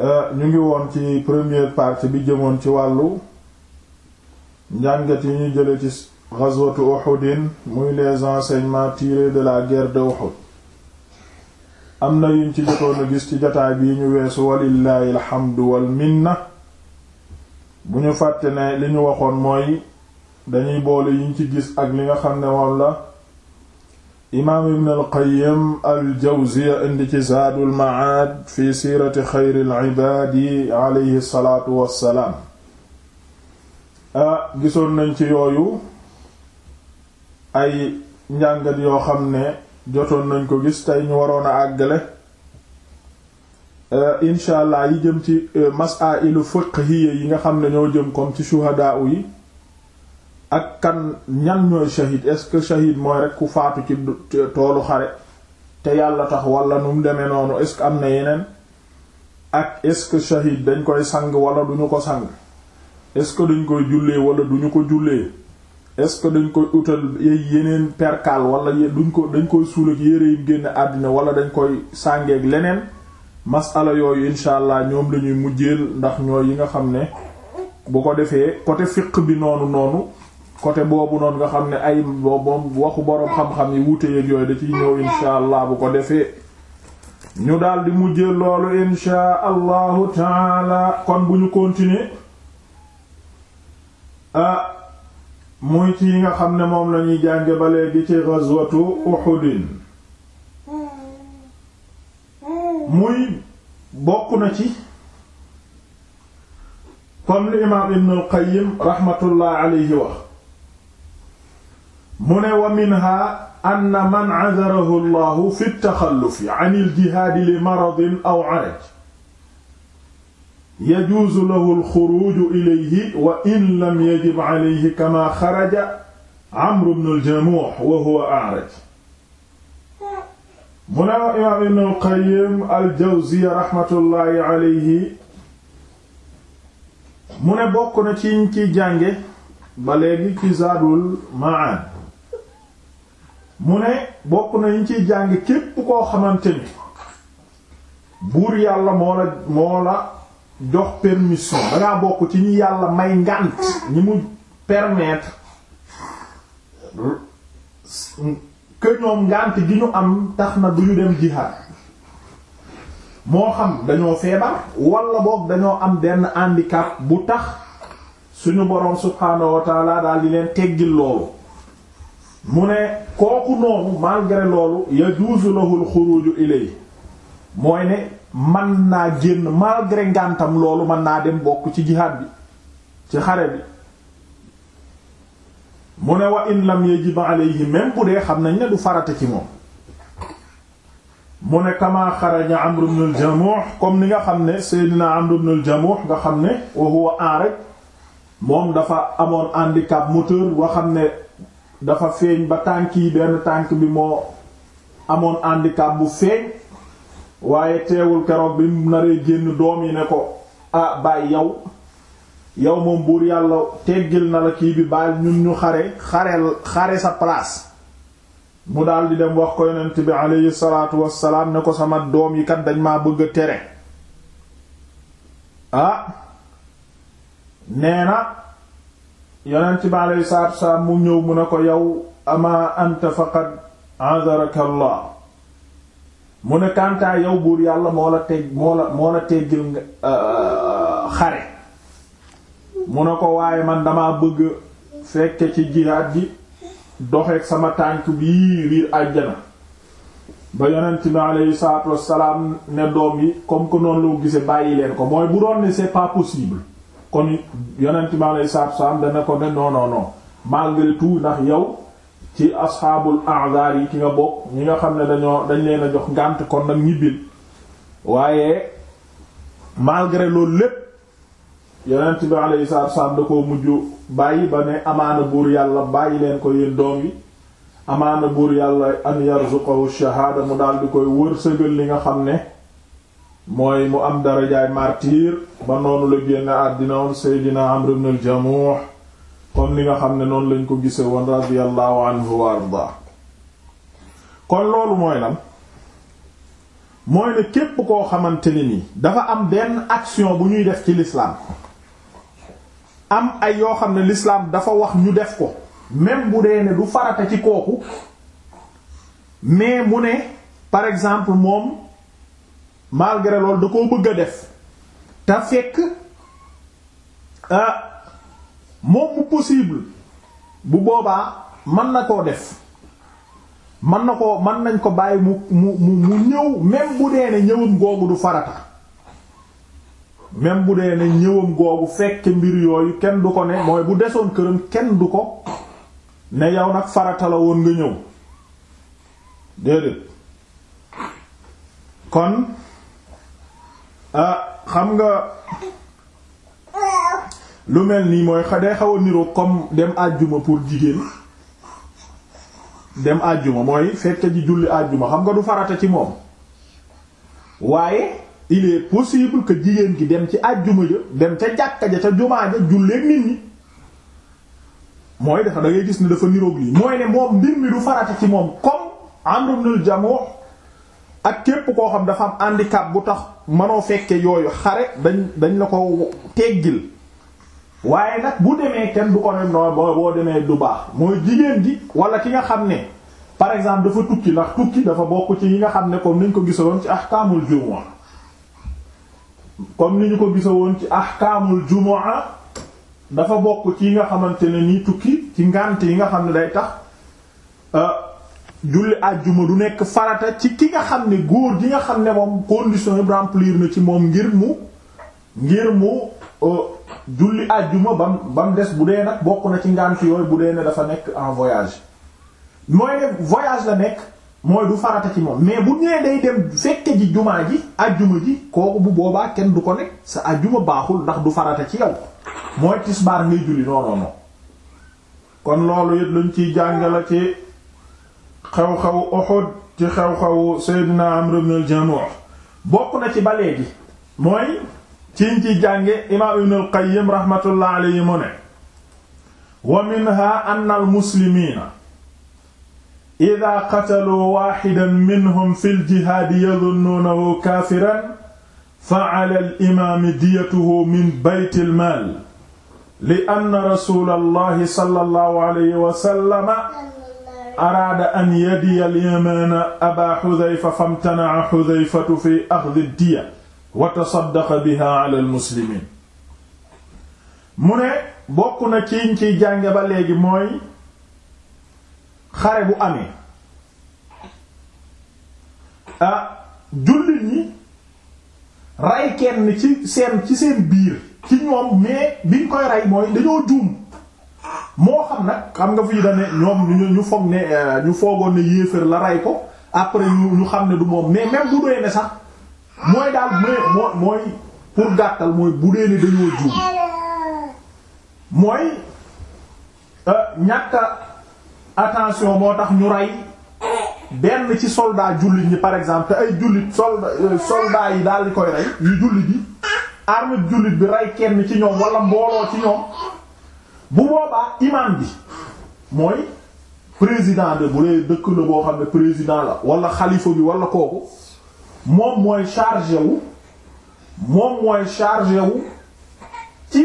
Euh, ñu ngi woon ci première partie bi jëmoon ci wàllu njàngat yi ñu jële ci ghazwatu Uhudin muy les enseignements tirés de la guerre de Uhud am na yuñ ci jotoon a gis ci jotaay bii ñu weesu walillahi alhamdu wal bu ñu fàtte ne li ñu waxoon mooy dañuy boole yiñ ci gis ak li nga xam ne woon la imaam ibn alqayim aljawziya indi ci zaadul macaad fi siirati xayri alcibaadi alayhi salaatu wassalaam ah gisoon nañ ci yooyu ay njàngat yoo xam ne jotoon nañ ko gis tey ñu waroon a àggale incha allah yi jëm ci e, masaa'ilu fiqhiyya yi nga xam ne ñoo jëm comme ci shuhadaa yi ak kan ñan ñooy shahid est-ce que shahid mooy rek ku faatu ci toolu xare te yàlla tax wala nu mu demee noonu est-ce que am na yeneen ak est-ce que shahid dañ koy sang wala duñu ko sang est-ce que dañ koy jullee wala duñu ko jullee est-ce que dañ koy utal yeneen perkal wala duñ ko dañ koy suul yére yi génn àddina wala dañ koy sàngeeg leneen masala yooyu incha allah ñoom lañuy mujjeel ndax ñooy yi nga xam ne bu ko defee côté fiq bi noonu noonu côté boobu noonu nga xam ne ay boobom waxu boroom xam-xam yi wuute yeeg yooyu da ciy ñëw insha allah bu ko defee ñu daal di mujjee loolu insha allahu taala kon bu ñu continuer ah muy ci yi nga xam ne moom lañuy ñuy jànge ba léegi ci ghazwatu Uhud muy bokk na ci comme li imaam Ibn al-Qayyim alayhi wax mu ne wa minha an man azarahu llahu fi taxallufi an iljihaadi li maradin aw araj yajuuzu lahu alxuruju ilayhi wa in lam yajib alayhi kama xaraja amru bnu aljamuux wa huwa araj mu ne imaam ibn alqayim aljawziya raxmatullaahi alayhi mu ne bokk na ci ñu ci jànge ba léegi ci zaadul maad mu ne bokk na ñu ciy jàng képp koo xamante ni buur yàlla moo la moo la jox permission dangaa bokk ci ñu yàlla may ngànt ñi mu permettre que ñoom ngànt gi ñu am tax na du ñu dem jihaad moo xam dañoo feebar wala boog dañoo am benn handicap bu tax suñu boroom subhaanahu wa daal di leen teggil loolu mu ne kooku noonu malgré loolu yajuuzu lahul xuruju ilay mooy ne man naa génn malgré ngàntam loolu mën naa dem bokk ci jihaad bi ci xare bi mu ne wa in lam yajib yi même bu dee xam nañ ne du farata ci moom mu ne kama xaraja am ibn al comme ni nga xam ne seeni Amr am al-Jamuh nga xam ne wa huwa rek moom dafa amoon handicap moteur boo xam ne dafa feeñ ba tànk yi benn tànk bi moo amoon handicap bu feeñ waaye teewul keroog bi mu naree génn doom yi ne ko ah bàyyi yow yow moom buur yàlla teggil na la kii bi baal ñun ñu xare xare xare sa place mu daal di dem wax ko yonent bi aleyhi salaatu wassalaam ne ko sama doom yi kat dañ ma bëgg a tere ah nee na yonent bi aleyhi salaatu wasalaam mu ñëw mu ne ko yow ama anta faqad azaraka allah mu ne kantaa yow buur yàlla moo la teg moo la moo la teggil euh, xare mu ne ko waaye man damaa bëgg fekke ci jihaad gi doxeek sama tànk bii biir àjjana ba yonent bi aleyhi salaatu wasalaam ne doom yi comme que noonu loo gisee bàyyi leen ko mooy bu doon ne c'est pas possible kon yonent bi aleyhi salaatu wasalaam dana ko ne non non non malgré tout ndax yow ci asxaabul a'zaar yi ki nga bokk ñi nga xam ne dañoo dañ leen a jox ngànt kon nag ñibbil waaye malgré loolu lépp yonent bi aleyhi salaatu wasalaam da koo mujj bàyyi ba ne amaana buur yàlla bàyyi leen ko yéen doom yi amaana buur yàlla an yarzuqahu shahaada mu daal di koy wërsëgal li nga xam ne. mooy mu am darajaay martyr ba noonu la génn àddina woon seydina amr ibn al jamuh kon li nga xam ne noonu lañ ko gise woon radiyallahu anhu wa arda kon loolu mooy lan mooy ne képp koo xamante ne nii dafa am benn action bu ñuy def ci lislaam am ay yoo xam ne lislaam dafa wax ñu def ko même bu dee ne du farata ci kooku mais mu ne par exemple moom malgré loolu da koo bëgg a def te fekk ah moom mu possible bu boobaa mën na koo def mën na ko mën nañ ko bàyyi mu mu mu ñëw même bu dee ne ñëwam googu du farata même bu dee ne ñëwam googu fekk mbir yooyu kenn du ko ne mooy bu desoon këram kenn du ko ne yow nag farata la woon nga ñëw déedéet kon Ah, xam nga lu mel nii mooy day xaw a niroo comme dem àjjuma pour jigéen dem àjjuma mooy fekk ji julli àjjuma xam nga du farata ci moom waaye il possible que jigéen gi dem ci àjjuma ja dem ca jàkka ja ca jumaa ja julleek nit ñi mooy dafa da gis ni dafa niroog lii mooy ne moom mbir mi du farata ci moom comme Amr ibn al ak képp koo xam dafa am handicap bu tax mënoo fekke yooyu xare dañ dañ la ko teggil waaye nag bu demee kenn du ko ne noo boo demee du baax mooy jigéen ji wala ki nga xam ne par exemple dafa tukki ndax tukki dafa bokk ci yi nga xam ne comme niñ ko gisawoon ci ahkaamul jumu'a comme ni ñu ko woon ci ahkaamul jumu'a dafa bokk ci yi nga xamante ne nii tukki ci ngànt yi nga xam ne day tax euh, julli àjjuma du nekk farata ci ki nga xam ne góor gi nga xam ne moom condition yi remplir na ci moom ngir mu ngir mu euh, julli àjjuma bam bam des bu dee nag bokk na ci ngànt yooyu bu dee ne dafa nekk en voyage mooy ne voyage la nekk mooy du farata ci moom mais bu nee day dem fekke ji jumaa ji àjjuma ji kooku bu boobaa kenn du ko nekk sa àjjuma baaxul ndax du farata ci yow mooy tisbaar ngay julli non non kon loolu yëpp lañ ciy jàngale ci xew-xewu Uhud ci xew-xewu Seydina Amr ibn al-Jamuh bokk na ci ba léegi mooy ciñ ci jànge imaam Ibn al-Qayyim rahmatullah alayhi mu ne wa minha anna al-muslimiina idaa qataluu waaxidan minhum fi ljihaadi yadunnuunahu kaafiran fa ala alimaami diyatuhu min bayti almaal li anna rasuula allahi sallallahu alayhi wa sallama araada an yadiya al-yamaana aba xudayfa famtana'a xudayfatu fi axdi diya wa tasaddaqa biha ala al-muslimiin mu ne bokk na ciñ ciy jànge ba léegi mooy xare bu amee ah jullit ñi rey kenn ci seen ci seen biir ci ñoom mais biñ koy rey mooy dañoo juum moo xam nag xam nga fii da ñoom ñu ñu foog ne euh, ñu foogoon ne yéefar la rey ko après ñu xam ne du moom mais même bu dee ne sax mooy daal mooy pour gàttal mooy bu dee ne dañoo juum mooy euh, ñàkk attention moo tax ñu rey benn ci soldat jullit ñi par exemple te ay jullit euh, soldat yi daal di koy rey yu jullit yi armée jullit bi rey kenn ci ñoom wala mbooloo ci ñoom. bu boobaa imam bi mooy président de bu lay dëkk la boo xam ne président la wala xalifa bi wala kooku moom mooy chargé wu moom mooy chargé wu ci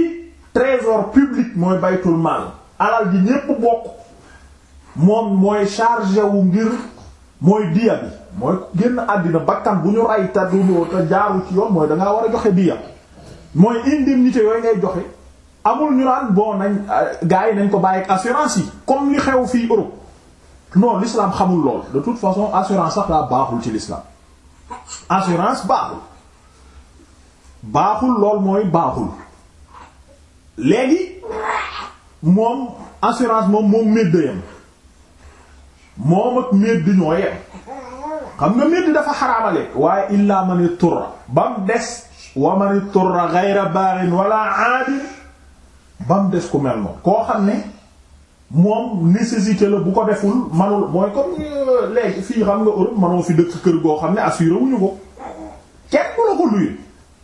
trésor public mooy alal ji ñépp bokk mooy chargé wu ngir mooy diya bi mooy génn àddina bakkan bu ñu rey te du te jaaru ci yoon mooy dangaa war a joxe diya mooy indemnité yooyu ngay joxe amul ñu naan nañ euh, gars yi nañ ko bàyyi assurance yi comme li xew fi Europe non l'islam xamul lool de toute façon assurance sax daa baaxul ci l'islam assurance baaxul baaxul lool mooy baaxul léegi moom assurance moom moom médd moom ak médd ñoo yem xam nga médd dafa xaraamale waaye illa man turra bam des wa man turra ghayra baarin wala aadin ba mu des ku mel moom koo xam ne moom nécessité la bu ko deful manul mooy comme euh, léegi fii xam nga Europe manoo fi dëkk kër goo xam ne assuré wuñu ko ko luye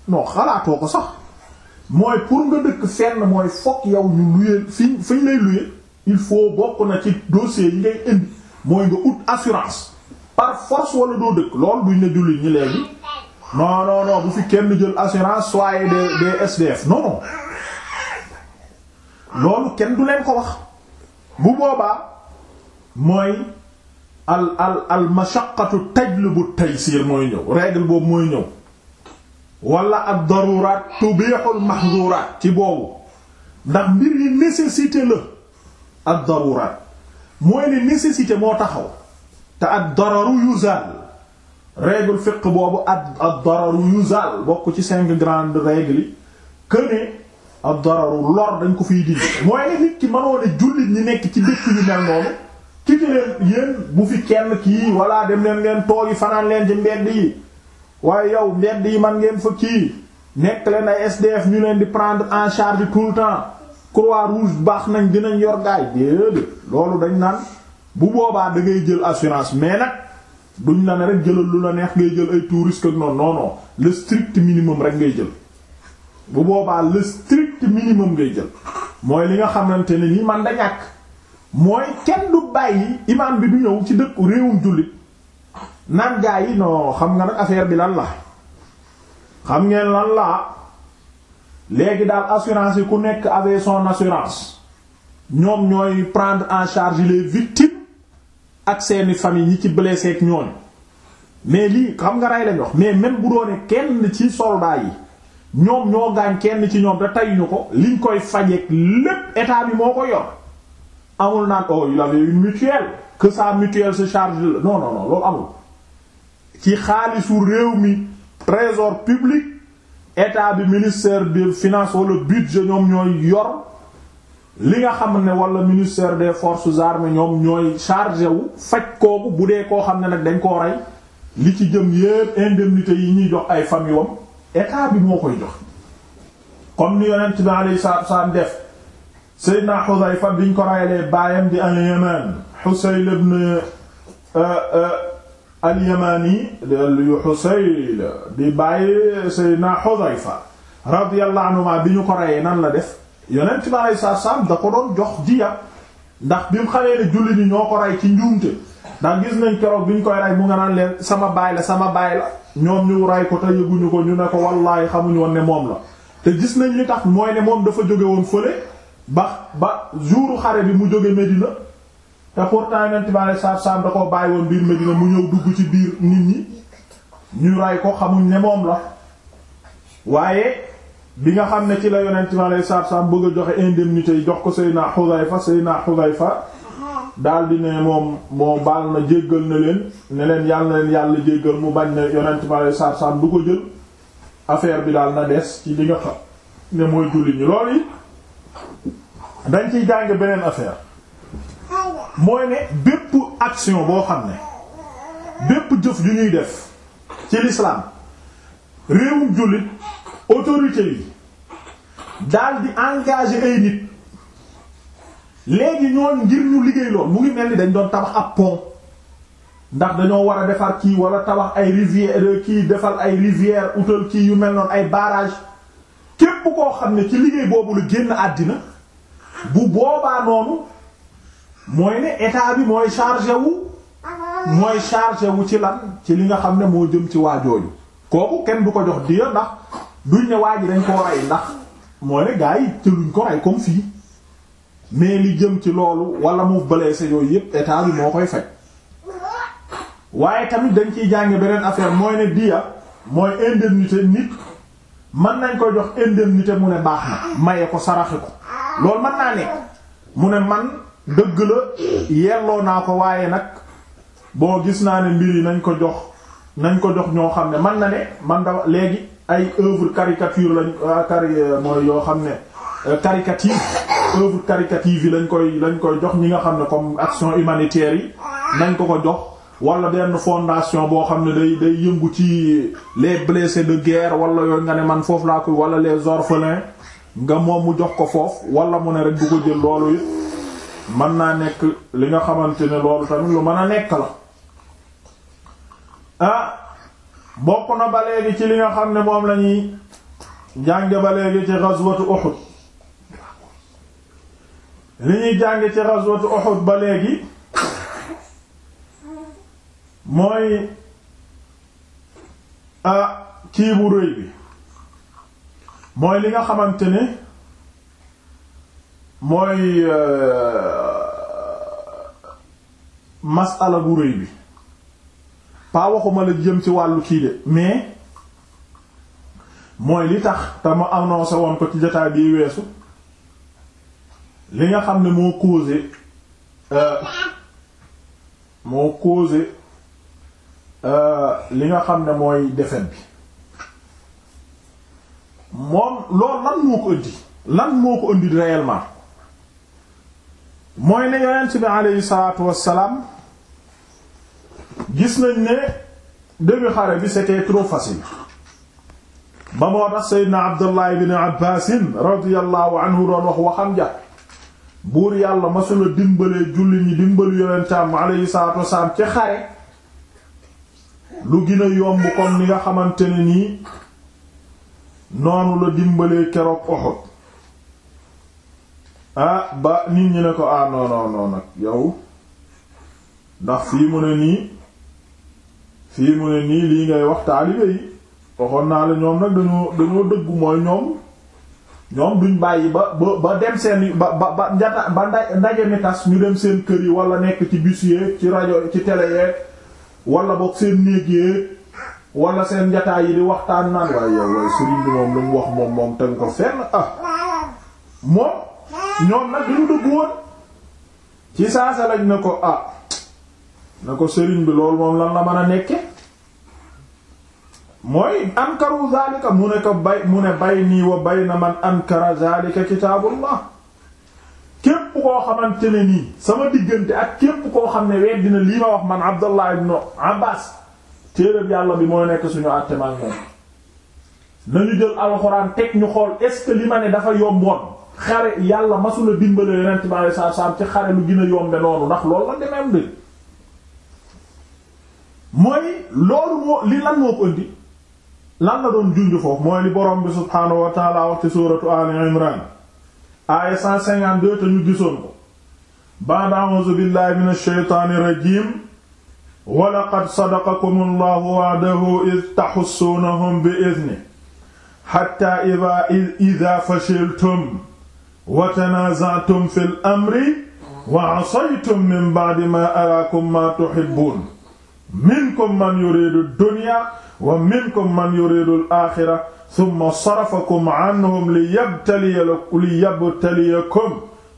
non sax mooy pour nga dëkk fenn mooy fokk yow ñu luye fi fiñ lay luye il faut bokk na ci dossier yi ngay indi mooy nga ut assurance par force wala doo dëkk lool duñ ne jullit ñi léegi non non non bu fi kenn jël assurance soyez des des SDF non loolu kenn du leen ko wax bu boobaa mooy al al al mashaqqatu tajlibu taysir mooy ñëw règle boobu mooy ñëw wala ad daruraat tubihul mahduraat ci boobu ndax mbir yi nécessité la ad daruraat mooy ne nécessité moo taxaw te ad dararu yuzaal règle fiqh boobu ad ad dararu yuzaal bokk ci cinq grandes règles yi kër ne ab dararu lor dañ ko fiy dindi mooy ne nit ki mënoon jullit ñi nekk ci dëkk yu mel noonu ki ci leen yéen bu fi kenn kii walla dem leen leen toog yi fanaan leen ci mbedd yi waaye yow mbedd yi man ngeen fa kii nekk leen ay SDF ñu leen di prendre en charge tout le temps croix rouge baax nañ dinañ yor gaay déedéet loolu dañ naan bu boobaa dangay jël assurance mais nag duñ la ne rek jëlal lu la neex ngay jël ay touriste ak noonu non non le strict minimum rek ngay jël. bu boobaa le minimum ngay jël mooy li nga xamante ne nii man da ñàkk mooy kenn du bàyyi imaam bi du ñëw ci dëkku réewum jullit naan gaa yi non xam nga nag affaire bi lan la xam ngeen lan la léegi daal assurance yi ku nekk avec son assurance ñoom ñooy prendre en charge les victimes ak seeni famille yi ci blessé ak ñooñu mais lii xam nga rey lañ wax mais même bu doone kenn ci soldats yi ñoom ñoo gaañ kenn ci ñoom da tayuñu ko liñ koy fajee lépp état bi moo ko yor amul naan oh il avait une mutuelle que sa mutuelle se charge la non non loolu amul ci xaalisu réew mi trésor public état bi ministère bi finance wala budget ñoom ñooy yor li nga xam ne wala ministère des forces armées ñoom ñooy chargé wu faj kooku bu dee koo xam ne nag dañ koo rey li ci jëm yépp indemnité yi ñuy jox ay famille état bi moo koy jox comme ni yonent bi alayhi salaatu wasallam def Seydina Xudayfa biñ ko rayalee baayam di al-Yaman Xusayl ibn euh, euh, al-Yamani yu Xusayl di bàyyi Seydina Xudayfa radiyallahu bi ñu ko rayee nan la def yonent bi alayhi salaatu wasallam da ko jox diya ndax bi mu xamee julli ni ñoo ko rey ndax gis nañ keroog bi ñu koy rey mu nga naan leen sama baay la sama baay la ñoom ñu rey ko te yëguñu ko ñu ne ko wallaahi xamuñu woon ne moom la te gis nañ li tax mooy ne moom dafa jóge woon fële ba ba jouru xare bi mu jóge Medina te pourtant yonent bi alayhi salaatu salaam da koo bàyyi woon biir Medina mu ñëw dugg ci biir nit ñi ñu rey ko xamuñ ne moom la waaye bi nga xam ne ci la yonent bi alayhi salaatu salaam bëgg a joxe indemnité yi jox ko Seydina Xudayfa Seydina Xudayfa daal di ne moom moo baal na jéggal na leen ne leen yàlla na leen yàlla jéggal mu bañ ne yonent bale saab bu ko jël affaire bi daal na des ci li nga xam ne mooy julli ñi lool yi dañ ciy jàng beneen affaire mooy ne bépp action boo xam ne bépp jëf yu ñuy def ci l'islam réewum jullit autorité yi daal di engagé ay nit léegi ñoon ngir ñu liggéey lool mu ngi mel ni dañ doon tabax ab pont ndax dañoo war a defar kii wala tabax ay rivière euh, kii defal ay rivière utal kii yu mel noonu ay barrage képp koo xam ne ci liggéey boobu la génn àddina bu boobaa noonu mooy ne état bi mooy chargé wu mooy chargé wu ci lan ci li nga xam ne moo jëm ci waa waajooju kooku kenn du ko jox diya ndax duñ ne waa ji dañ ko rey ndax mooy ne gaa yi ci luñ ko rey comme fii mais li jëm ci loolu wala mu blessé yooyu yépp état bi moo koy faj waaye tamit dañ ciy jànge beneen affaire mooy ne diya mooy indemnité nit mën nañ ko jox indemnité mu ne baax na maye ko saraxe ko loolu mën naa nekk mu ne man dëgg la yelloo naa ko waaye nag boo gis naa ne mbir yi nañ ko jox nañ ko jox ñoo xam ne man na ne man da léegi ay œuvre caricature lañ euh, cari euh, mooy yoo xam ne Euh, caritative œuvre caritative yi lañ koy lañ koy jox ñi nga xam ne comme action humanitaire yi nañ ko ko jox wala benn fondation boo xam ne day day yëngu ci les blessés de guerre wala yooyu nga ne man foofu laa koy wala les orphelins nga moom mu jox ko foofu wala mu ne rek du ko jël loolu it mën naa nekk li nga xamante ne loolu tamit lu mën a nekk la ah bokk na ba léegi ci li nga xam ne moom lañuy ñuy jànge ba léegi ci ghazwatu Uhud li ñuy jàng ci ghazwatu Uhud ba léegi mooy kii bu rëy bi mooy li nga xamante ni mooy e, masala bu rëy bi pas waxuma la jëm ci wàllu kii de mais mooy li tax te ma annoncé woon ko ci jotaay bi weesu li nga xam ne moo causé euh, moo causé euh, li nga xam ne mooy défaite bi moom loolu lan moo ko indi lan moo ko indi réellement mooy ne yonent bi aleyhi salaatu wassalaam gis nañ ne début xare bi c'était trop facile ba moo tax Seydina Abdullah ibn Abbas radiyallahu anhu doon wax waxam ja buur yàlla masula dimbalee julli ñi dimbali yonentam alayhi salaatu wasalaam ci xare lu gën yomb comme ni nga xamante ne nii noonu la dimbalee keroog Uhud ah ba nit ñi ne ko ah non non nag yow ndax fii mu ne nii fii mu ne nii lii ngay wax taalibe yi waxoon naa la ñoom nag dañoo dañoo dëggu mooy ñoom ñoom duñ bàyyi ba ba ba dem seen ba ba ba ba ndaje mi tas ñu dem seen kër yi wala nekk ci bus ci rajo ci télé yeeg wala boog seen néeg yeeg seen njataay yi di waxtaan naan waaye yow waaye sëriñ bi moom lu mu wax moom moom tënk ko fenn ah moom ñoom nag duñu dugg woon ci saasa lañ ne ko ah na ko sëriñ bi loolu moom lan la mën a nekke mooy ankaru zalika mu ne ko bay mu ne bayni wa na man ankara zalika kitaabullah képp koo xamante ne nii sama diggante ak képp koo xam ne weddi na lii ma wax man Abdallah ibn Abbas téeréb yàlla bi mooy nekk suñu àtteman moom nañu jël alxuraan teg ñu xool est li ma ne dafa yomboon xare yàlla masula dimbale yonent bi alei satu salaam ci xare lu gën a yombe noonu ndax loolu la demee am de mooy loolu moo li lan moo ko lan la doon junj foofu mooy li borom bi subhaanahu wa taala wax ci suuratu ali imran aaya 152 te ñu gisoon ko ba'da a'uuzu billahi minash shaytaanir rajiim wa laqad sadaqakumu allahu wa'dahu id tahussuunahum bi idnihi xatta idaa idaa fashiltum wa tanaaza'tum fil amri wa asaytum min ba'di maa araakum maa tuhibbuun minkum man yuriidu dunya wa minkum man yuridu al-aaxira summa sarafakum anhum liyabtaliyakum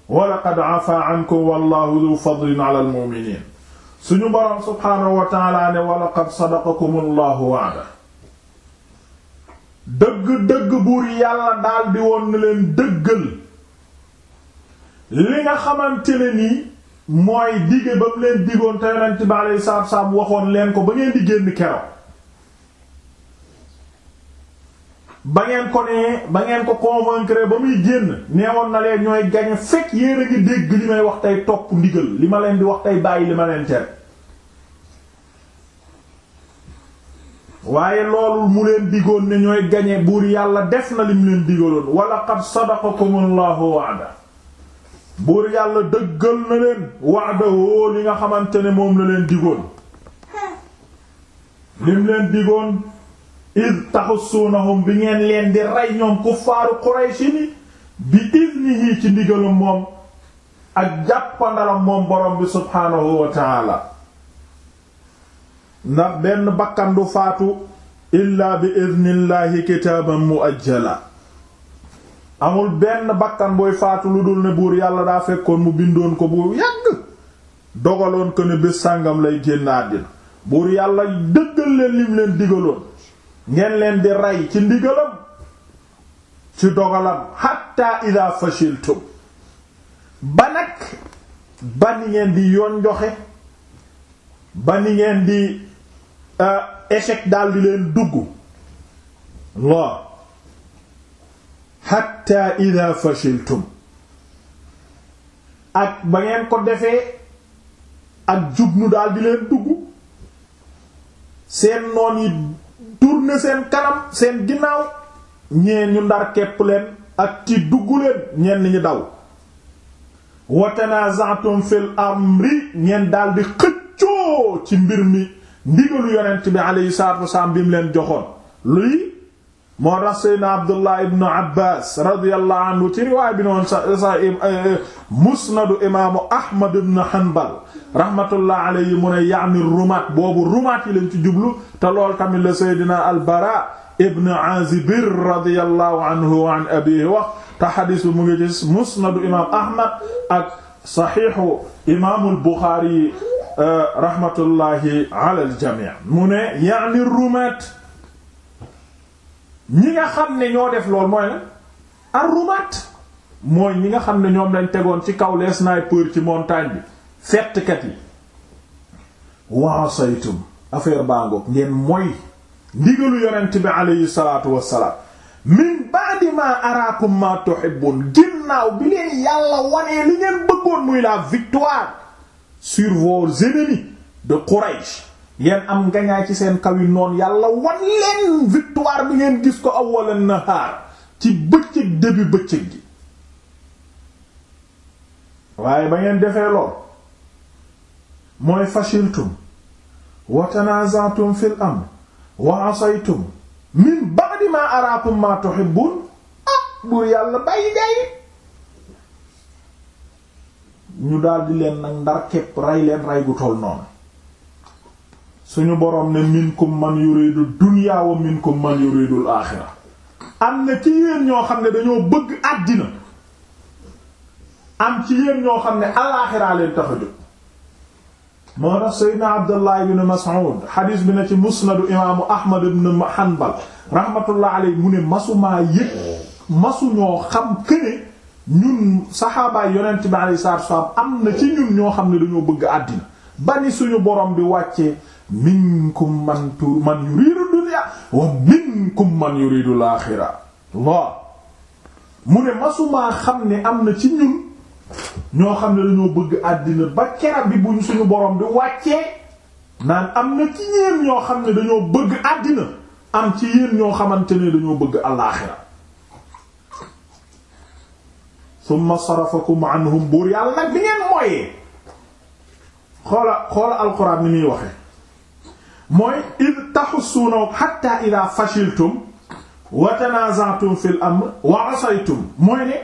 wa laqad afaa ankum wallaahu duu fadlin ala al-mu'miniin suñu boroom subhaanahu wa ta'aala wa laqad dëgg-dëgg buur yàlla daldi woon na leen dëggal li nga xamante ne nii mooy dige ba mu leen digoon te bi alayhi salaatu wa waxoon leen ko ba ngeen di génn keroog ba ngeen ko nee ba ngeen ko convaincre ba muy génn neewoon na leen ñooy gañe fekk yéen a ngi dégg li may wax tey topp ndigal li ma leen di wax tey bàyyi li ma leen tere waaye loolu mu leen digoon ne ñooy gañe buur yàlla def na lim leen digaloon wala qad sadaqakumullahu wa'da buur yàlla dëggal na leen wa'dahu li nga xamante ne moom la leen digoon lim leen digoon id taxussuunahum bi ngeen leen di rey ñoom kuffaaru Quraysh ni bi iznihi ci ndigalum moom ak jàppandalam moom borom bi subhaanahu wa ndax benn bakkan du faatu illaa bi idnillahi kitaaban muajjala amul benn bakkan booy faatu lu dul ne buur yàlla daa fekkoon mu bindoon ko bu yàgg dogaloon ko ne bés sàngam lay génn àddina buur yàlla dëggal leen lim leen digaloon ngeen leen di rey ci ndigalam ci dogalam hatta ida fashiltum ba nag ba ni ngeen di yoon joxe ba ni ngeen di euh, échec daal leen dugg lool hatta ida fashiltum ak ba ngeen ko defee ak jubnu daal di leen dugg seen noon yi tourner seen kanam seen ginnaaw ñee ñu ndar kepp leen ak ci dugg leen ñenn ñi daw wa tanaza'tum fil amri ngeen daal di xëccoo ci mbir mi ndigalu yonent bi alayhi salaatu wasalaam bi leen joxoon luy moo tax seydna abdullah ibnu abbas radiallahu anhu ci riwaay bi noonu sa sa eh, eh, musnadu imaamu ahmad ibnu hanbal rahmatullah alayhi mu ne yaani rumaat boobu rumaat yi lañ ci jublu te lool tamit la seydna albara ibnu azibir radiallahu anhu wa an abihi wax te xadis bi mu ngi ci musnadu imaam ahmad ak saxiixu imaamul buxaari eh, rahmatullahi ala aljamii mu ne yaani rumaat ñi nga xam ne ñoo def lool mooy la arrumaat mooy ñi nga xam ne ñoom lañ tegoon ci kaw les sniper ci montagne bi fettkat yi waa saytum affaire bangoog ngeen mooy ndigalu yonent bi aleyhi salaatu wassalaam min ba'di ma araakum ma bi leen yàlla wanee li ngeen bëggoon muy la victoire sur vos ennemis de Quraish ngeen am ngañaay ci seen kaw yi noonu yàlla wan leen victoire bi ngeen gis ko awwalan nahaar ci bëccëg début bëccëg gi waaye ba ngeen defee lool mooy fashiltum wa tanaza'tum fil amr wa asaytum min ba'di ma araakum ma tuhibbun ah buur yàlla bàyyi gaay ñu daal leen nag ndar képp rey leen rey gu toll noonu suñu boroom ne minkum man yuridu dunya wa minkum man yuridul aaxira am na ci yéen ñoo xam ne dañoo bëgg àddina am ci yéen ñoo xam ne alaaxira leen tax a jóg moo tax seydna abdullah ibn bi na ci musnadu imaamu ahmad ibn hanbal rahmatullah alayhi masumaa yëg masu ñoo xam këne ñun saxaabaay yonent bi alayhi salaatu wa am na ci ñun ñoo xam ne dañoo bëgg àddina ba ni suñu boroom bi wàccee minkum man tu man yuridu dunya wa minkum man yuridu laaxira waaw mu ne masumaa xam ne am na ci ñun ñoo xam ne dañoo bëgg àddina ba kera bi buñ suñu borom di wàccee naan am na ci ñeen ñoo xam ne dañoo bëgg àddina am ci yéen ñoo xamante ne dañoo bëgg alaaxira summa sarafakum anhum buur yàlla nag bi ngeen mooyee xoola xoola alxuraan ni muy waxee mooy id taxussuuna hatta ida fashiltum wa tanaza'tum fil amr wa asaytum mooy ne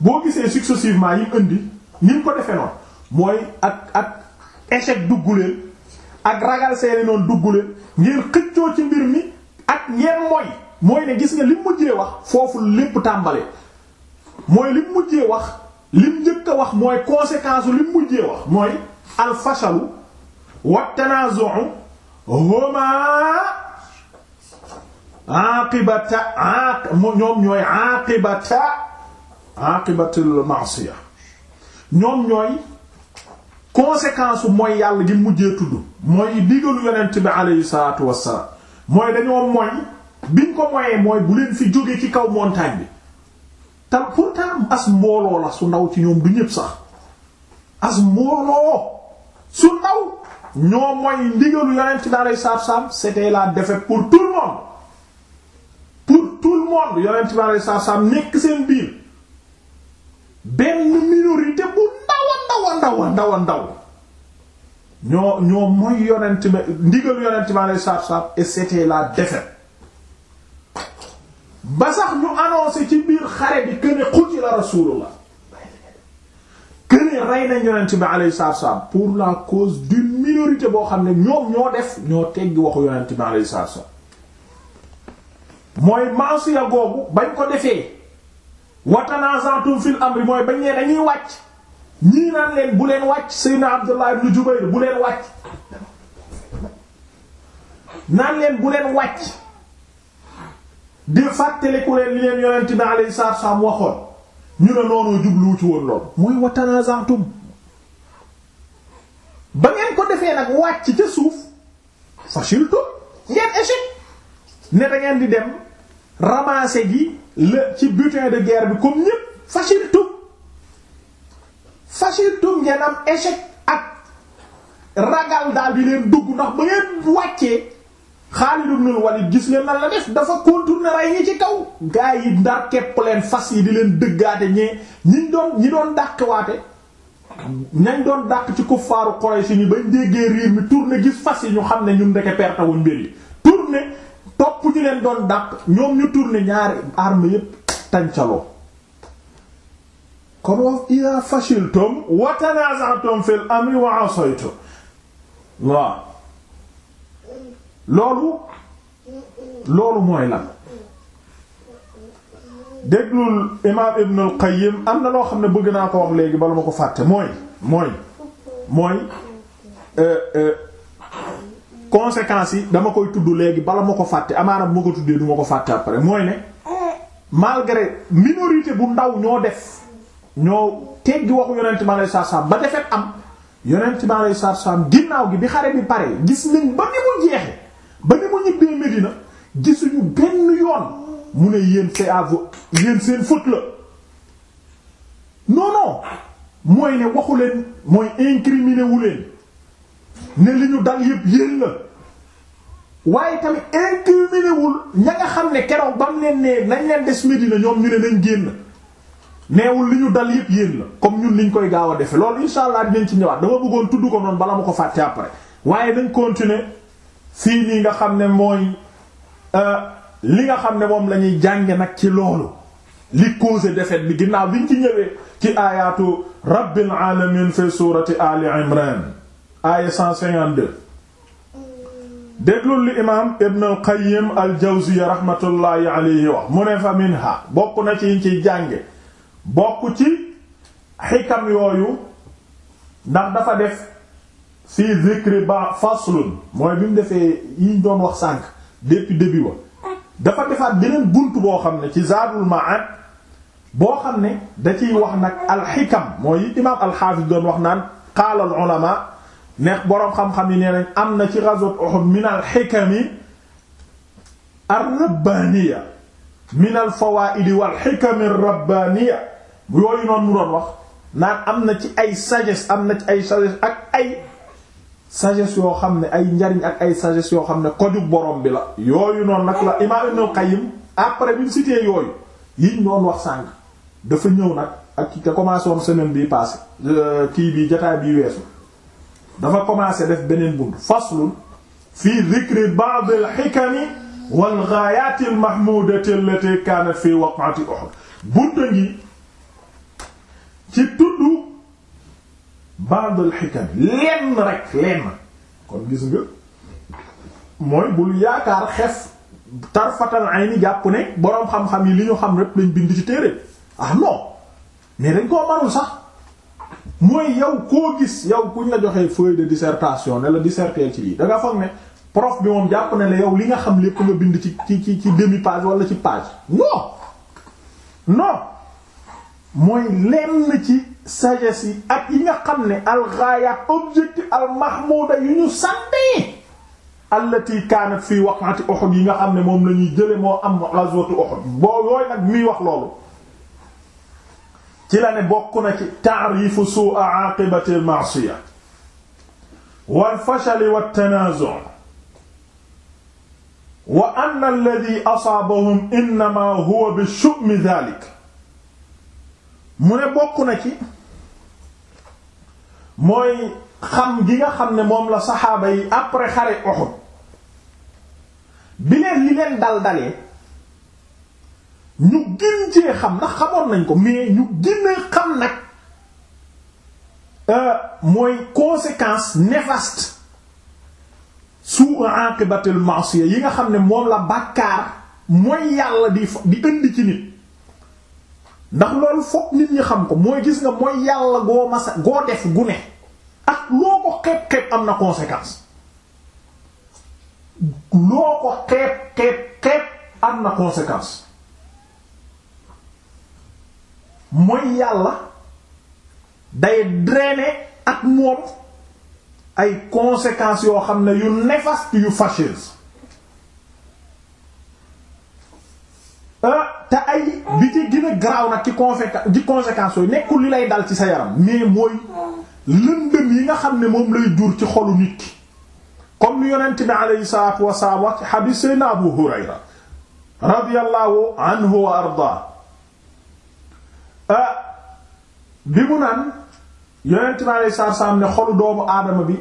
boo gisee successivement yi indi ni mu ko defee noonu mooy ak ak échec dugg leen ak ragal seeni noonu dugg leen ngeen ci mbir mi ak ngeen mooy mooy ne gis nga lim mujjee wax foofu lépp tàmbale mooy lim mujjee wax li njëkk a wax mooy conséquence li lim mujjee wax mooy al fashalu wa tanazu'u huma aqibata aq ñoom ñooy aqibata ma'siya ñoom ñooy conséquence mooy yàlla gi mujjee tudd mooy digalu yonent bi alayhi salaatu wassalaam mooy dañoo mooy biñ ko moyee mooy bu leen fi jóge ci kaw montagne bi te pourtant as mbooloo la su ndaw ci ñoom du ñëpp sax as su ndaw ñoo mooy ndigalu yonent bi alayhi salaatu salaam c'était la défaite pour tout monde pour tout monde yonent bi alayhi salaatu salaam nekk seen biir benn minorité bu ndaw a ndaw a ndaw a ndaw ñoo ñoo mooy yonent bi ndigalu yonent bi alayhi salaatu salaam et c'était la défaite ba sax ñu annoncé ci biir xare bi que la qutila Rasulullah que ne rey nañ yonent bi alayhi pour la cause d'une minorité boo xam ne ñoom ñoo def ñoo teggi waxu yonent bi alayhi salaatu mooy maasiya googu bañ ko defee wa tanaza'tum fil amri mooy bañ ne dañuy wàcc ñii naan leen bu leen wàcc Seydina Abdullah ibn Jubayr bu leen wàcc naan leen bu leen wàcc di fàttaliku leen li leen yonent bi alayhi waxoon ñu ne noonu jubluwu ci woon lool mooy wa tanaza'tum ba ngeen ko defee nag wàcc ca suuf fashiltum ngeen échec ne da ngeen di dem ramasser gi la ci butin de guerre bi comme ñépp fashiltum fashiltum ngeen am échec ak ragal daal di leen dugg ndax ba ngeen wàccee Xaalid ibn Walid gis ngeen nan la def dafa contourner ray ñi ci kaw gaa yi ndar kepp leen fas yi di leen dëggaate ñee ñiñ doon ñi doon dàqwaate ñañ doon dàq ci kuffaaru Quraysh ñi bañ déggee riir mi tourner gis fas yi ñu xam ne ñun ndeke perte wuñ mbir yi tourner topp ñu leen doon dàq ñoom ñu turne ñaari armes yépp tàncaloo kon wa ida fashiltum wa tanaza'tum fil amri wa asaytum waaw loolu loolu mooy lan déglul imaam Ibn al am na loo xam ne bëgg naa ko wax léegi bala ma ko fàtte mooy mooy mooy euh, euh, conséquences yi dama koy tudd léegi bala ma ko fàtte amaana bu ma ko tuddee du ma ko fàtte après mooy ne malgré minorité bu ndaw ñoo def ñoo teggi waxu yonent mi alayhi salaam ba defet am yonent mi alayhi salaam ginnaaw gi bi xare bi pare gis nañ ba ni mu jeexe ba ni mu ñibbee Medina gisuñu benn yoon mu ne yéen c'est à vous seen fut la non non mooy ne waxu leen mooy incriminé wu leen ne li ñu dal yépp yéen la waaye tamit incriminé wul ña nga xam ne keroog ba mu leen nee nañ leen des Medina ñoom ñu ne nañ génn neewul li ñu dal yépp yéen la comme ñun niñ koy gaaw a defe loolu insha allah dinañ ci ñëwaat dama bëggoon tudd ko noonu bala ma ko fàtte après waaye nañ continuer. fii nii nga xam ne mooy euh, li nga xam ne moom lañuy jànge nag ci loolu li cause defet bi ginnaaw biñ ci ñëwee ci aayaatu rabbil alamin fi surati ali imran aaya 152 déglul li imaam ibn al qayyim al jawziya rahmatullahi alayhi mu ne fa minha bokk na ci ci jànge bokk ci xikam yooyu ndax dafa def fii zikri ba faslun mooy bi mu defee yiñ doon wax sànq depuis début wa dafa defaat beneen bunt boo xam ne ci zaadul ma'ad boo xam ne da ciy wax nag alxikam mooy imaam alxaafis doon wax naan qaala al ulama neex boroom xam-xam yi nee nañ am na ci ghazwat Uhud min al xikami ar-rabbaniya min al fawaa'idi wal yooyu noonu doon wax naan am na ci ay sagesse am na ci ay sagesse ak ay sagesse yoo xam ne ay njariñ ak ay sagesse yoo xam ne koju borom bi la yooyu noonu nag la imam Ibn Qayyim après bi mu cité yooyu yiñ noonu wax sànq dafa ñëw nag ak ci commencé woon semaine bii passé euh, kii bii jotaay bii weesu dafa commencé def beneen bunt faslun fii dhikri ba'd al-hikam wal ghaayat al-mahmudati allati kanat fi waq'ati Uhud bunta ngi ci tudd bandal xikam lenn rek lenn kon gis nga mooy bul yaakaar xef tarfatal ay ni jàpp ne boroom xam-xam yi li ñu xam rek lañ bind ci téere ah non mais dañ koo marul sax mooy yow koo gis yow kuñ la joxee feuille de dissertation ne la disserter ci lii da nga ne prof bi moom jàpp ne la yow li nga xam lépp nga bind ci ci ci ci demi page wala ci page non non mooy lenn ci sagesse yi ak yi nga xam ne alxaayaat objectif almahmuda yu ñu sànnee allati kaanat fii waqati Uhud yi nga xam ne moom la ñuy jële moo am ghazwatu Uhud boo yooyu nag miy wax loolu ci la ne bokk na ci ta'rifu su'i aqibati al-ma'siya wal fashal wat tanaazu' wa anna alladhi asaabahum innamaa huwa bi shu'mi dhaalika mu ne bokk na ci mooy xam gi nga xam ne moom la saxaaba yi après xare Uhud bi leen li leen dal dalee ñu gën cee xam ndax xamoon nañ ko mais ñu gën a xam nag euh, mooy conséquence néfaste suu aqibatul ma'siya yi nga xam ne moom la bàkkaar mooy yàlla di di indi ci nit ndax loolu fokk nit ñi xam ko mooy gis nga mooy yàlla goo masa goo def gu ak loo ko xeeb xeeb am na conséquence loo ko xeeb xeeb xeeb am na conséquence mooy yàlla day drainer ak moom ay conséquences yoo xam ne yu néfaste yu fâcheuse euh, te ay bi ci gën a garaaw ci conséquence ci conséquences yooyu nekkul li lay dal ci sa yaram mais mooy lëndëm yi nga xam ne moom lay jur ci xolu nit ki comme ni yonent bi aleyhi salaatu wasalaam wax ci xadiis sayna Abu Hurayra radiyallahu anhu wa ardaa ah bi mu naan yonent bi aleyhi salaatu wasalaam ne xolu doomu aadama bi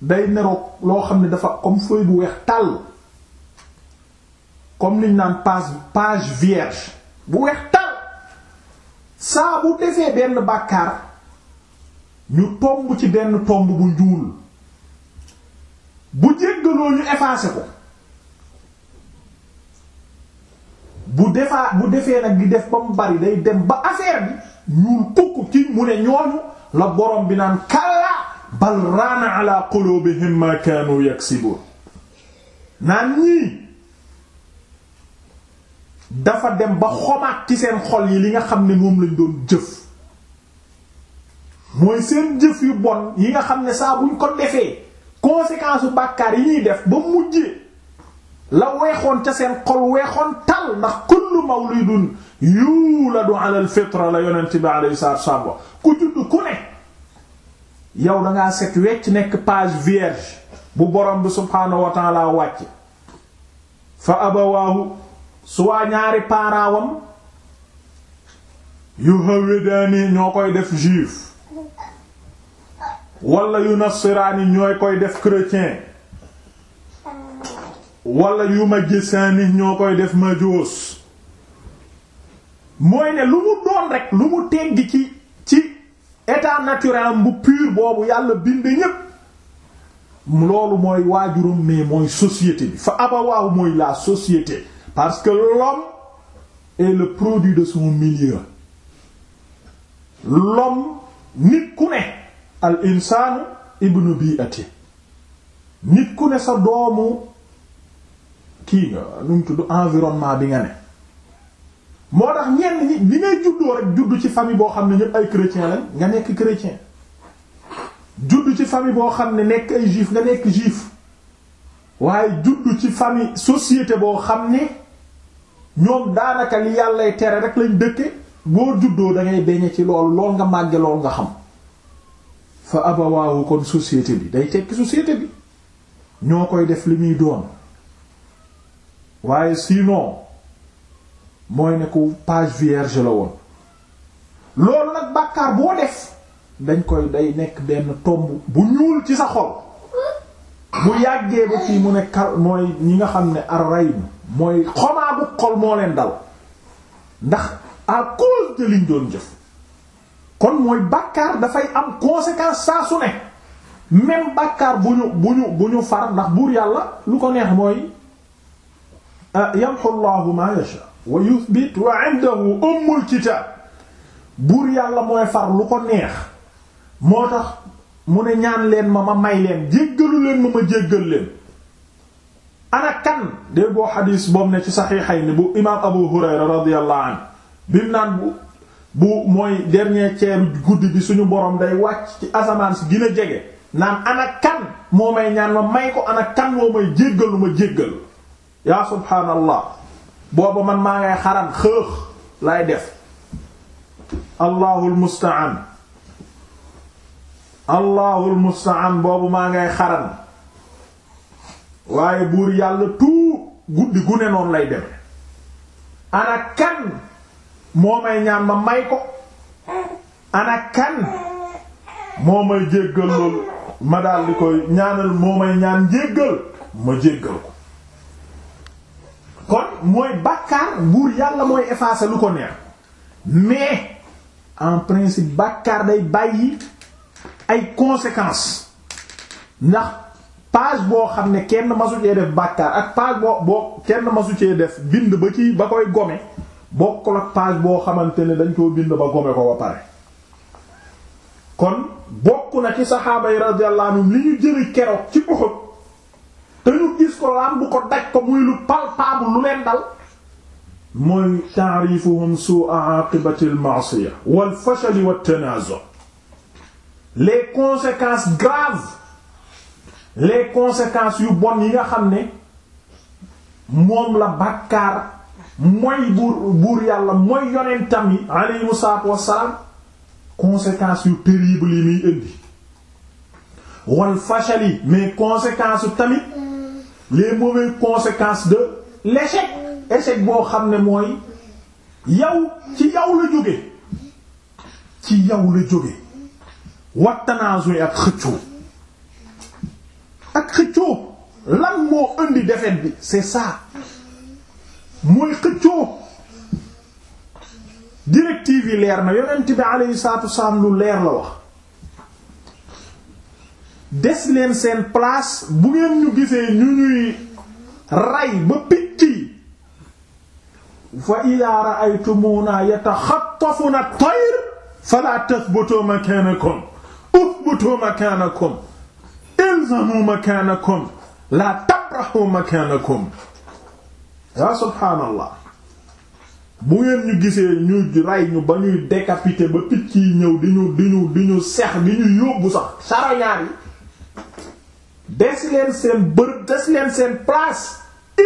day neroog loo xam ne dafa comme feuille bu weex tàll comme niñ naan page paas vierge bu weex tàll saa bu defee benn bàkkaar ñu tomb ci benn tomb bu njuul bu jéggaloo ñu effacé ko bu defaa bu defee nag di def ba mu bari day dem ba affaire bi ñuul kukk ci mu ne ñooñu la borom bi naan kallaa bal raana ala bi ma kaanu yaksibun naan ñii dafa dem ba xomaat ci seen xol yi li nga xam ne moom lañ doon jëf mooy seen jëf yu bon yi nga xam ne saa buñ ko defee conséquence u bàkkaar yi ñuy def ba mujjee la weexoon ca seen xol weexoon tal ndax kullu mawlidun yuladu ala al fitra la yonent bi alayhi salatu wassalam ku judd ku ne yow da ngaa set wecc nekk page vierge bu borom bi subhaanahu wa taala wàcc fa abawaahu suwaa ñaari paaraawam yu hawedaani ñoo koy def juif wala yu nasiraani ñooy koy def chrétien wala yu ma majjisaani ñoo koy def majoos mooy ne lu mu doon rek lu mu tegg ci ci état naturel bu pur boobu yàlla bind ñépp loolu mooy waajuram mais mooy société bi fa abawaaw mooy la société parce que l'homme est le produit de son milieu l'homme nit ku ne al insaanu ibnu bi'ati nit ku ne sa doomu kii nga nu tudd environnement bi nga ne moo tax ñenn ñi li ngay juddoo rek juddu ci famille boo xam ne ñëpp ay chrétien lañ nga nekk chrétien juddu ci famille boo xam ne nekk ay juif nga nekk juif waaye juddu ci famille société boo xam ne ñoom daanaka li yàllay tere rek lañ dëkke boo juddoo da ngay beñe ci loolu lool nga màgge lool nga xam fa abawaawu kon société bi day tekki société bi ñoo koy def li muy doon waaye sinon mooy ne ku page vierge la woon loolu nag bàkkaar boo def dañ koy day nekk benn tomb bu ñuul ci sa xol bu yàggee ba fii mu ne kar mooy ñi nga xam ne ar rayn mooy xomaa bu xol moo leen dal ndax à cause liñ doon jëf kon mooy bàkkaar dafay am conséquence saa su ne même bàkkaar bu ñu bu ñu bu ñu far ndax buur yàlla lu ko neex mooy yamxu llahu ma yasha wa yuthbit wa indahu ummul kitab buur yàlla mooy far lu ko neex moo tax mu ne ñaan leen ma ma may leen jéggalu leen ma ma jéggal leen ana kan dég boo boobu ne ci saxiixay ni bu imaam abu hurayra radiyallahu anhu bim naan bu bu mooy dernier ceeru guddi bi suñu borom day wàcc ci asamaan si gën jege naan ana kan moo may ñaan ma may ko ana kan moo may jéggalu ma jéggal yaa subhaanallah booba man maa ngay xaran xëex lay def allahul musta'an allahul musta'an boobu maa ngay xaran waaye buur yàlla tout guddi gu ne noonu lay dem ana kan moo may ñaan ma may ko ana kan moo may jéggal loolu ma daal di koy ñaanal moo may ñaan jéggal ma jéggal ko kon mooy bàkkaar buur yàlla mooy effacer lu ko neex mais en principe bàkkaar day bàyyi ay conséquence ndax page boo xam ne kenn masu cee def bàkkaar ak page boo boo kenn masu cee def bind ba ci ba koy gome bokkul ak page boo xamante ne dañ koo bind ba gome ko ba kon bokk na ci saxaaba yi radiyallahu anhum li ñu jëri keroog ci Uhud te ñu gis ko lam bu ko daj ko muy lu palpable lu leen dal mooy ta'rifuhum su'a aqibati al-ma'siya wal fashal wa tanazu' les conséquences graves les conséquences yu bon yi nga xam ne moom la bàkkaar mooy buur buur yàlla mooy yonentam yi aleyhimu salaatu wassalaam conséquences yu terribles yi muy indi wal fachal mais conséquences yu tamit les mauvaises conséquences de l'échec boo xam ne mooy yow ci yaw la jóge ci yow la jóge wattanaasu ak xëccoo ak xëccoo lan moo indi défaite bi c'est ça mooy xëccoo directive yi leer na yonent bi alayhi salaatu wasalaam lu leer la wax des leen seen place bu ngeen ñu gisee ñu ñuy rey ba picc yi fa idaa ra'aytumuuna yataxattafuna at-tayr falaa tathbutu makaanakum uthbutu makaanakum ilzamu makaanakum laa tabrahu makaanakum yaa subhaanallah bu ngeen ñu gisee ñu rey ñu ba ñuy décapité ba picc yi ñëw di ñu di ñu di ñu sex di ñu yóbbu sax sarañaar yi des leen seen bërëb des leen seen place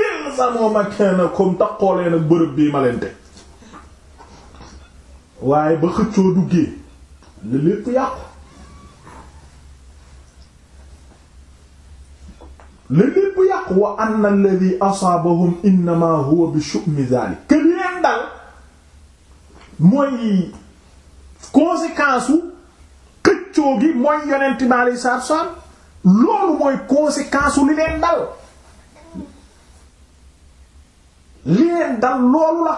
ilzamu makanakum taqoo leen ak bërëb bii ma leen teg waaye ba xëccoo duggee lu lépp yàqu leneen bu yàqu wa anna alladhi asaabahum innama huwa bi shu'mi dhalik que u xëccoo gi mooy yonent bi alayhi salaatu salaam loolu mooy conséquence u li leen dal li leen dal loolu la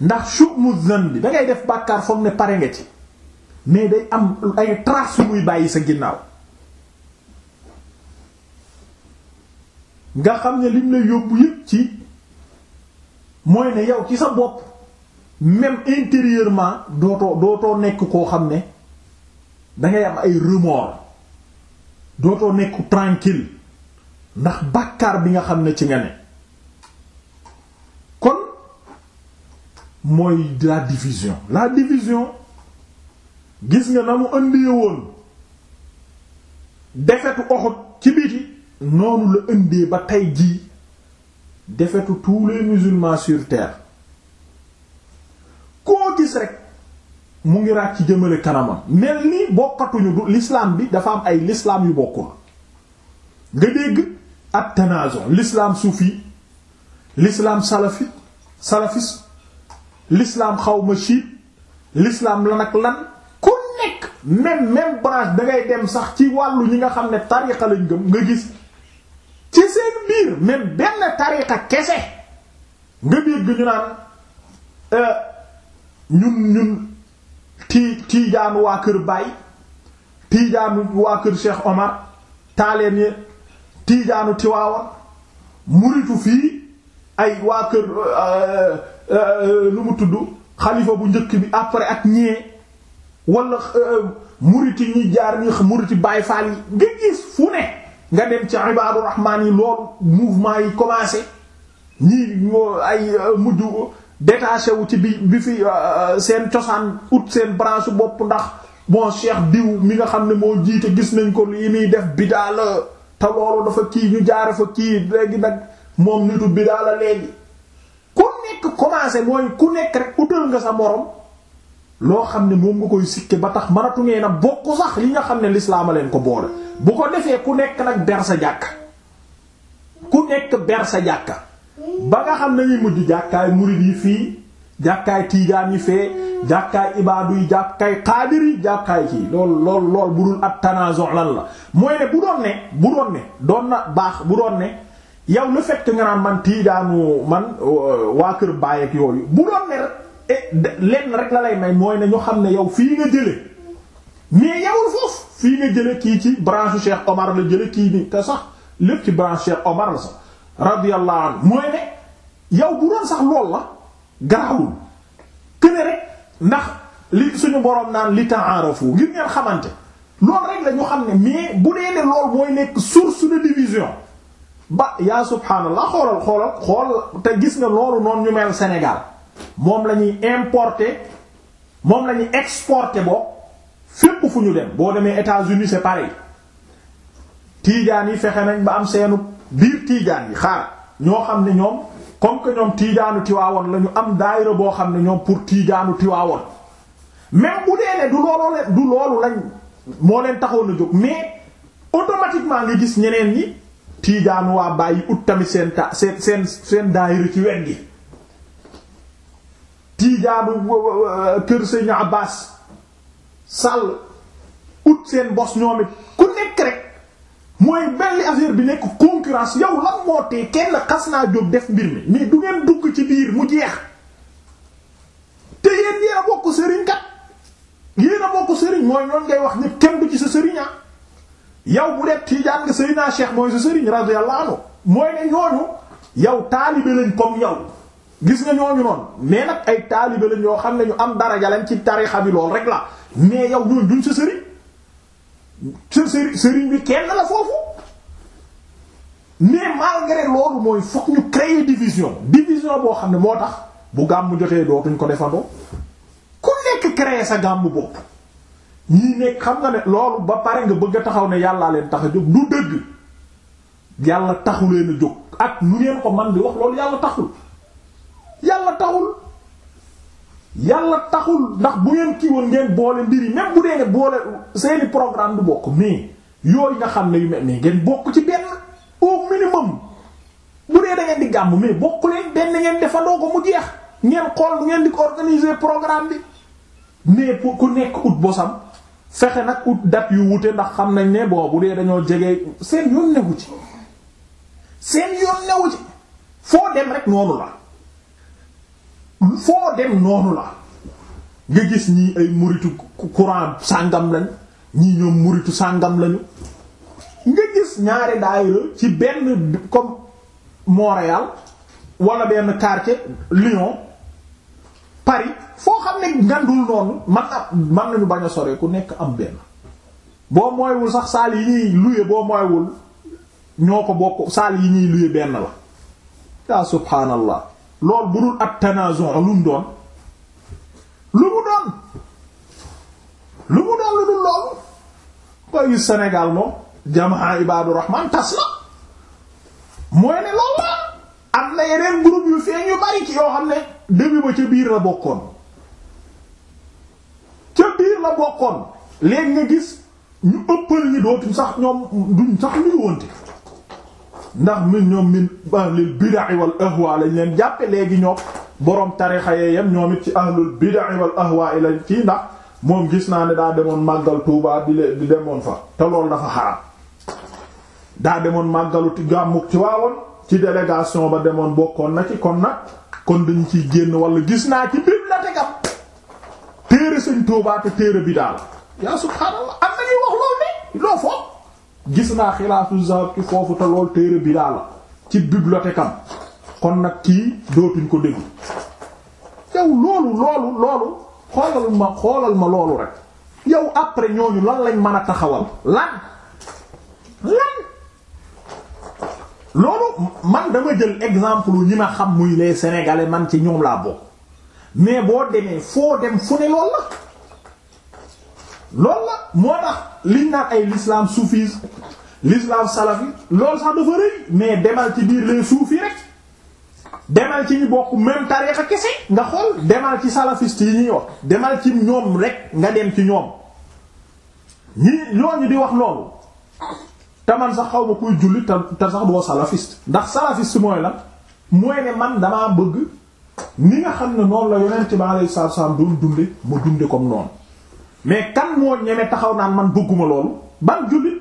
ndax shu'mu dhanbi bi ngay def bàkkaar foog ne pare nga ci mais day am ay traces muy bàyyi sa ginnaaw. nga xam ne lim la yóbbu yépp ci mooy ne yow ci sa bopp même intérieurement dootoo dootoo nekk koo xam ne dangay am ay remords dootoo nekku tranquille ndax bàkkaar bi nga xam ne ci nga ne kon mooy la division la division gis nga na mu andiwoon defetu Uhud ci biti noonu la indee ba tey jii defetu tous les musulmans sur terre koo gis rek mu ngi raat ci jëmale kanamam mel ni bokkatuñu du bi dafa am ay lislaam yu bokkul nga dégg at tanazo l'islam soufi l'islam salafi salafis l'islam xawma chiite l'islam lan ak lan ku nekk même même branche dem sax ci wàllu ñi nga xam ne tariqa lañ gëm nga gis ci seen biir même benn tariqa kese nga dégg ñu naan euh, ñun ñun tii tiijaanu waa kër Baay tiijaanu waa kër Cheikh Omar taaleen yi tiijaanu Tiwaawa muritu fii ay waa kër lu euh, euh, mu tudd xalifa bu njëkk bi après ak ñee wala muriti ñi jaar ñi muriti Baay Faal yi nga gis fu ne nga dem ci ibaadu rahmaan yi loolu mouvement yi commencé ñii ay euh, mujj détaché wu ci bi bi fi euh, euh, seen cosaan ut seen branche bopp ndax bon cheikh diw mi nga xam ne moo jiite gis nañ ko li muy def bidaa la te dafa kii ñu jaare fa kii léegi nag moom nitu bidaa la léegi ku nekk commencé mooy ku nekk rek utal nga sa morom loo xam ne moom nga koy sikke ba tax mënatu ngeen a bokk sax yi nga xam ne lislaama leen ko boole bu ko defee ku nekk nag ber sa jàkk ku nekk ber sa jàkka ba nga xam ne ñuy mujj jàkkaay murid yi fii jàkkaay tiijaan yi fee jàkkaay ibaadu yi jàkkaay xaadir yi jàkkaay kii lool lool lool bu dul at tanazon lan la mooy ne bu doon ne bu doon ne doon na baax bu doon ne yow le fekk que nga naan man tiijaanu man euh, waa kër Baay ak yooyu bu doon ne eh, lenn rek la lay may mooy ne ñu xam ne yow fii nga jële mais yawul foofu fii nga jële kii ci branche Cheikh Omar la jële kii ni te sax lépp ci branche Cheikh Omar la sax radiyallahu anhu mooy ne yow bu doon sax lool la garawul këne rek ndax li suñu boroom naan li ta'aarafu ngir ngeen xamante loolu rek la ñu xam ne mais bu dee ne lool mooy nekk source de division ba yaa subhaanallah xoolal xoolal xool te gis nga loolu noonu ñu mel Sénégal moom la ñuy importer moom la ñuy exporter boo fépp fu ñu dem boo demee États-Unis c'est pareil tiijaan yi fexe nañ ba am seenu biir tiijaan yi xaar ñoo xam ne ñoom comme que ñoom tiijaanu tiwaawoon la am daayira boo xam ne ñoom pour tiijaanu tiwaawoon même bu dee ne du loolu du loolu lañ moo leen taxoon a jóg mais automatiquement nga gis ñeneen ñi tiijaanu waa bàyyi ut tamit seen ta seen seen seen daayira ci wen gi tiijaanu euh, euh, kër Sëriñ Abbas sàll ut seen bos ñoom it ku nekk rek mooy benn affaire bi nekk concurrence yow lan kenn xas naa jóg def mbir mi mais du ngeen dugg ci biir mu jeex te yéen yéen a bokk sëriñ kat yéen a bokk sëriñ mooy noonu ngay wax ñépp kenn du ci sa sëriñ yaw ah. yow bu dee tiijaan nga Seydina Cheikh mooy sa sëriñ radiyallahu anhu mooy ne ñooñu yow taalibe lañ comme yow gis nga ñooñu noonu mais nag ay taalibe lañ yoo xam ne ñu am daraja lañ ci tarixa bi lool rek la mais yow ñooñu duñ sa sëriñ sa sëriñ sëriñ bi kenn la foofu mais malgré loolu mooy fokk ñu créer division division boo xam ne moo tax bu gàmmu jotee dootuñ ko defandoo ku nekk créer sa gàmm bopp ñii nekk xam nga ne loolu ba pare nga bëgg a taxaw ne yàllaa leen tax a jóg du dëgg yàlla taxu leen a jóg ak nu ngeen ko man di wax loolu yàlla taxul yàlla taxul yàlla taxul ndax bu ngeen kii woon ngeen boole mbir yi même bu dee ne boole seeni programme bu bokk mais yooyu nga xam ne yu mel nii ngeen bokk ci benn au minimum bu dee da di gàmm mais bokk leen benn ngeen defandoo ko mu jeex ngeen xool ngeen di ko programme bi mais pour ku nekk ut bosam fexe nag ut date yu wute ndax xam nañ ne boobu bu dee dañoo jege seen yoon newu ci seen yoon newu ci foo dem rek noonu la. foo dem noonu la nga gis ñii ay muritu courant sàngam lañ ñii ñoom muritu sàngam lañu nga gis ñaari daayira ci benn comme Montréal wala benn quartier Lyon Paris foo xam ne ngandul noonu man a man nañu bañ a sore ku nekk am benn boo mooywul sax saal yi ñuy luye boo mooywul ñoo ko bokk saal yi ñuy luye benn la yaa subhaanallah lool bu dul ak tanazon lu mu doon lu mu doon lu mu doon lu dul loolu koy gis Sénégal moom jamaa Ibaadu Rahmaan tas la mooy ne loolu la am na yeneen groupe yu feeñ yu bari ci yoo xam ne début ba ca biir la bokkoon ca biir la bokkoon léegi nga gis ñu ëppal ñi dootuñ sax ñoom duñ sax ñu wonte ndax min ñoom min ahlul bid'a wal ahwa lañ leen jàppe léegi ñoom boroom tarixa yeeyam ñoom it ci ahlul bid'a wal ahwa lañ kii ndax moom gis naa ne daa demoon màggal Tuubaa di di demoon fa te loolu dafa xaraam daa demoon màggalu gàmmuk ci waawoon ci délégation ba demoon bokkoon na ci kon nag kon dañ ciy génn wala gis naa ci bibliothèque am téere Sëriñ Tuubaa te téere bi daal yaa subhaanallah am na ñuy wax loolu ne loo foog gis naa xilaafu zahab ci foofu te lool téere bi daal ci bibliothèque am kon nag kii dootuñ ko déglu yow loolu loolu loolu xoolal ma xoolal ma loolu rek yow après ñooñu lan lañ mën a taxawal lan lan loolu man dama jël exemple ñi na xam muy les sénégalais man ci ñoom laa bokk mais boo demee foo dem fu ne loolu la lool la moo tax liñ naan ay l'islam suufiis l'islam salafi loolu sax dafa rëy mais demal ci biir les suufi rek demal ci ñu bokk même tarixa kese nga xool demal ci salafiste yi ñuy wax demal ci ñoom rek nga dem ci ñoom ñi ñooñu di wax loolu te man sax xaw ma kuy julli te te sax boo salafiste ndax salafiste mooy la mooy ne man damaa bëgg ni nga xam ne noonu la yonent bi alayhi salaatu wa salaam doon dunde mu dunde comme noonu mais kan moo ñeme taxaw naan man bëgguma loolu ban jullit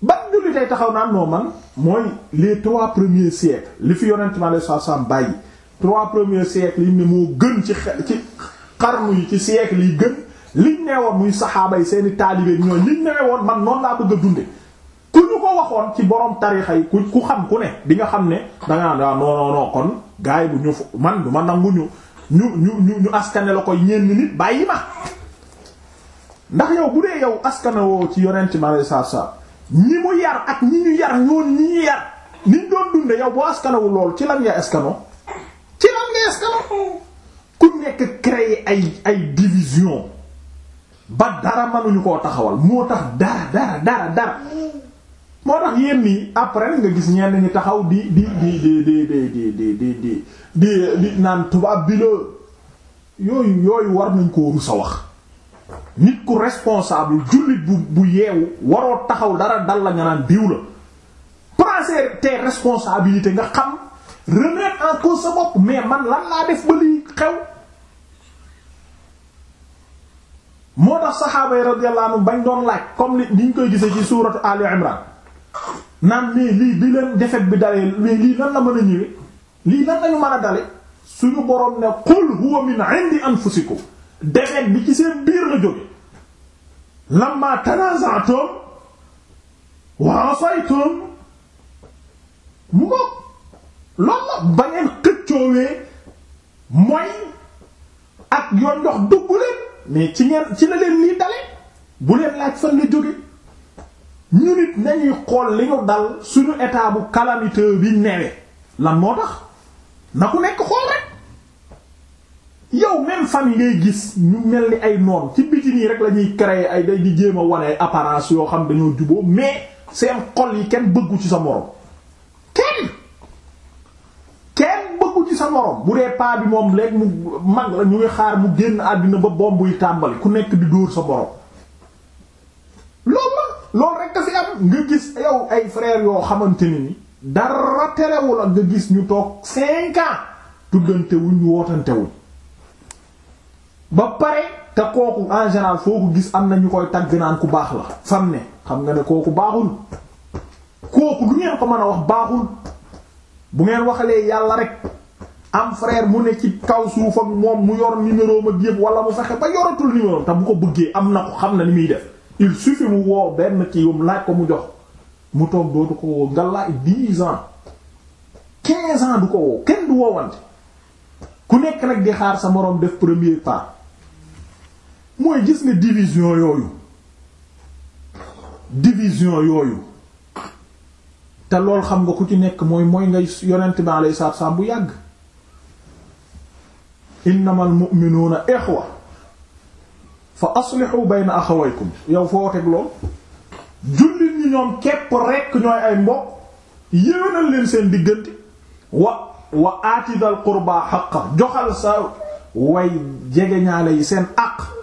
ban jullit ay taxaw naan noo man mooy les trois premiers siècles li fi yonent mi alayhi salaam bàyyi trois premiers siècles yi ne moo gën ci ci xarnu yi ci siècles yi gën li nee muy saxaaba yi seeni taalibe ñooy liñ nee woon man noonu laa bëgg a dundee ku ñu ko waxoon ci borom tarixa yi ku ku xam ku ne di nga xam ne dangaa ah, non non kon gaay bu ñu man du ma nangu ñu ñu ñu la koy ñenn nit ndax yow bu dee yow askanawoo ci yonent ci alayhi salaatu salaam ñi mu yar ak ñi ñu yar ñoon ñi ñu yar niñ doon dunde yow boo askanawu lool ci lan ngay askano ci lan ngay askano ku nekk créer ay ay division ba dara mënuñu koo taxawal moo tax dara dara dara dara moo tax yéen nii après nga gis ñenn ñi taxaw di di di di di di di di di naan tubaab bi yooyu yooyu war nañ koo rusa wax nit ku responsable jullit bu bu yeewu waroo taxaw dara dal la nga naan diw la prendre tes responsabilités nga xam remettre en sa bopp mais man lan laa def ba lii xew moo tax saxaaba yi radiyallahu anhu bañ doon laaj comme ni ñu koy gisee ci suuratu Ali Imran naan mais lii bi leen defet bi dalee mais lii nan la mën a ñëwee lii nan lañu mën a dale suñu boroom ne qul huwa min indi anfusikum defet bi ci seen biir la jóge lamma tanaza'tum wa asaytum mu mook loolu ba ngeen xëccoowee mooy ak yoon ndox dugg leen mais ci ngeen ci la leen lii dale bu leen laaj fan la jóge ñu nit nañuy xool li ñu dal suñu état bu calamité bi newe lan moo tax na ku nekk xool rek yow même famille ngay gis ñu mel ni ay noon ci biti nii rek la ñuy créer ay day di jéem a wane ay apparence yoo xam dañoo juboo mais seen xol yi kenn bëggu ci sa morom kenn kenn bëggu ci sa morom bu dee paa bi moom léegi mu mag la ñu ngi xaar mu génn àddina ba bomb yi tàmbali ku nekk di dóor sa morom loolu la loolu rek dafi am nga gis yow ay frère yoo xamante ne ni dara terewul ak nga gis ñu toog cinq ans tuddante wuñ wootante wuñ ba pare te kooku en général foo ko gis am na ñu koy tagg naan ku baax la fam ne xam nga ne kooku baaxul kooku lu ngeen ko mën a wax baaxul bu ngeen waxalee yàlla rek am frère mu ne ci kaw suufam moom mu yor numéro ma yëpp wala mu fexe ba yoratul numéro te bu ko bëggee am na ko xam na ni muy def il suffit mu woo benn ci yum laaj ko mu jox mu toog dootu ko woo ngalaay dix ans quinze ans du ko woo kenn du woowante ku nekk nag di xaar sa moroom def premier pas mooy gis ni division yooyu division yooyu te lool xam nga ku ci nekk mooy mooy ngay yonent bi alayhi salaatu salaam bu yàgg innamal mu'minuuna ixwa fa aslihu bayna axawaykum yow foo teg lool jullit ñi ñoom képp rekk ñooy ay mbokk yéwénal leen seen diggante wa wa aatidal qurbaa xaqa joxal sa way jegeñaale yi seen àq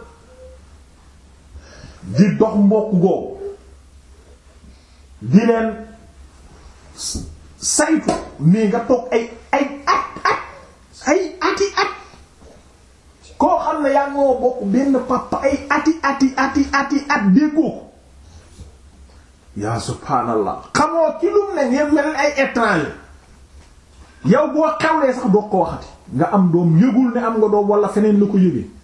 di dox mbokk googu di leen saytu nii nga toog ay ay at at ay ati at koo xam ne yaa ngoo bokk benn papa ay ati ati ati at déggoo yaa subhaanallah xamoo ci lum ne ngeen mel ay étranger yow boo xewlee sax doo ko waxati nga am doom yëgul ne am nga doom wala feneen la ko yëgee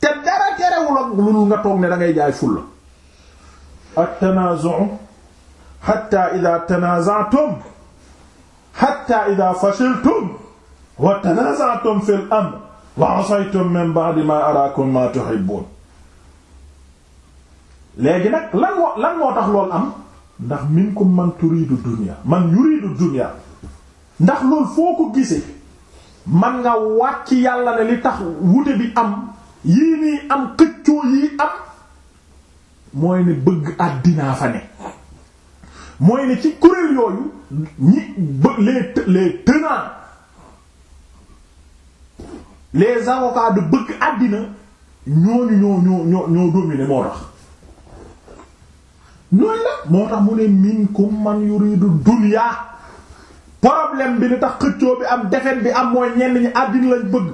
te dara terewul lu nga toog ne da jaay fulla ak tanaazu hatta idha tanaza'tum hatta idha fashiltum wa tanaza'tum fil amr wa 'asaytum min ba'di ma araakum ma tuhibbun léegi nag lan moo lan moo tax loolu am ndax minkum man turiidu dunya man yuriidu dunya ndax loolu foo ko gisee man nga wàcc yàlla ne li tax wute bi am yii nii am xëccoo yii am mooy ne bëgg àddinaa fa ne mooy ne ci kuréel yooyu ñi les les tenants les avocats de bëgg àddina ñooñu ñoo ñoo ñoo ñoo dominé moo tax noonu la moo tax mu ne minkum man yuridu dunya problème bi ni tax xëccoo bi am defet bi am mooy ñenn ñi àddina lañ bëgg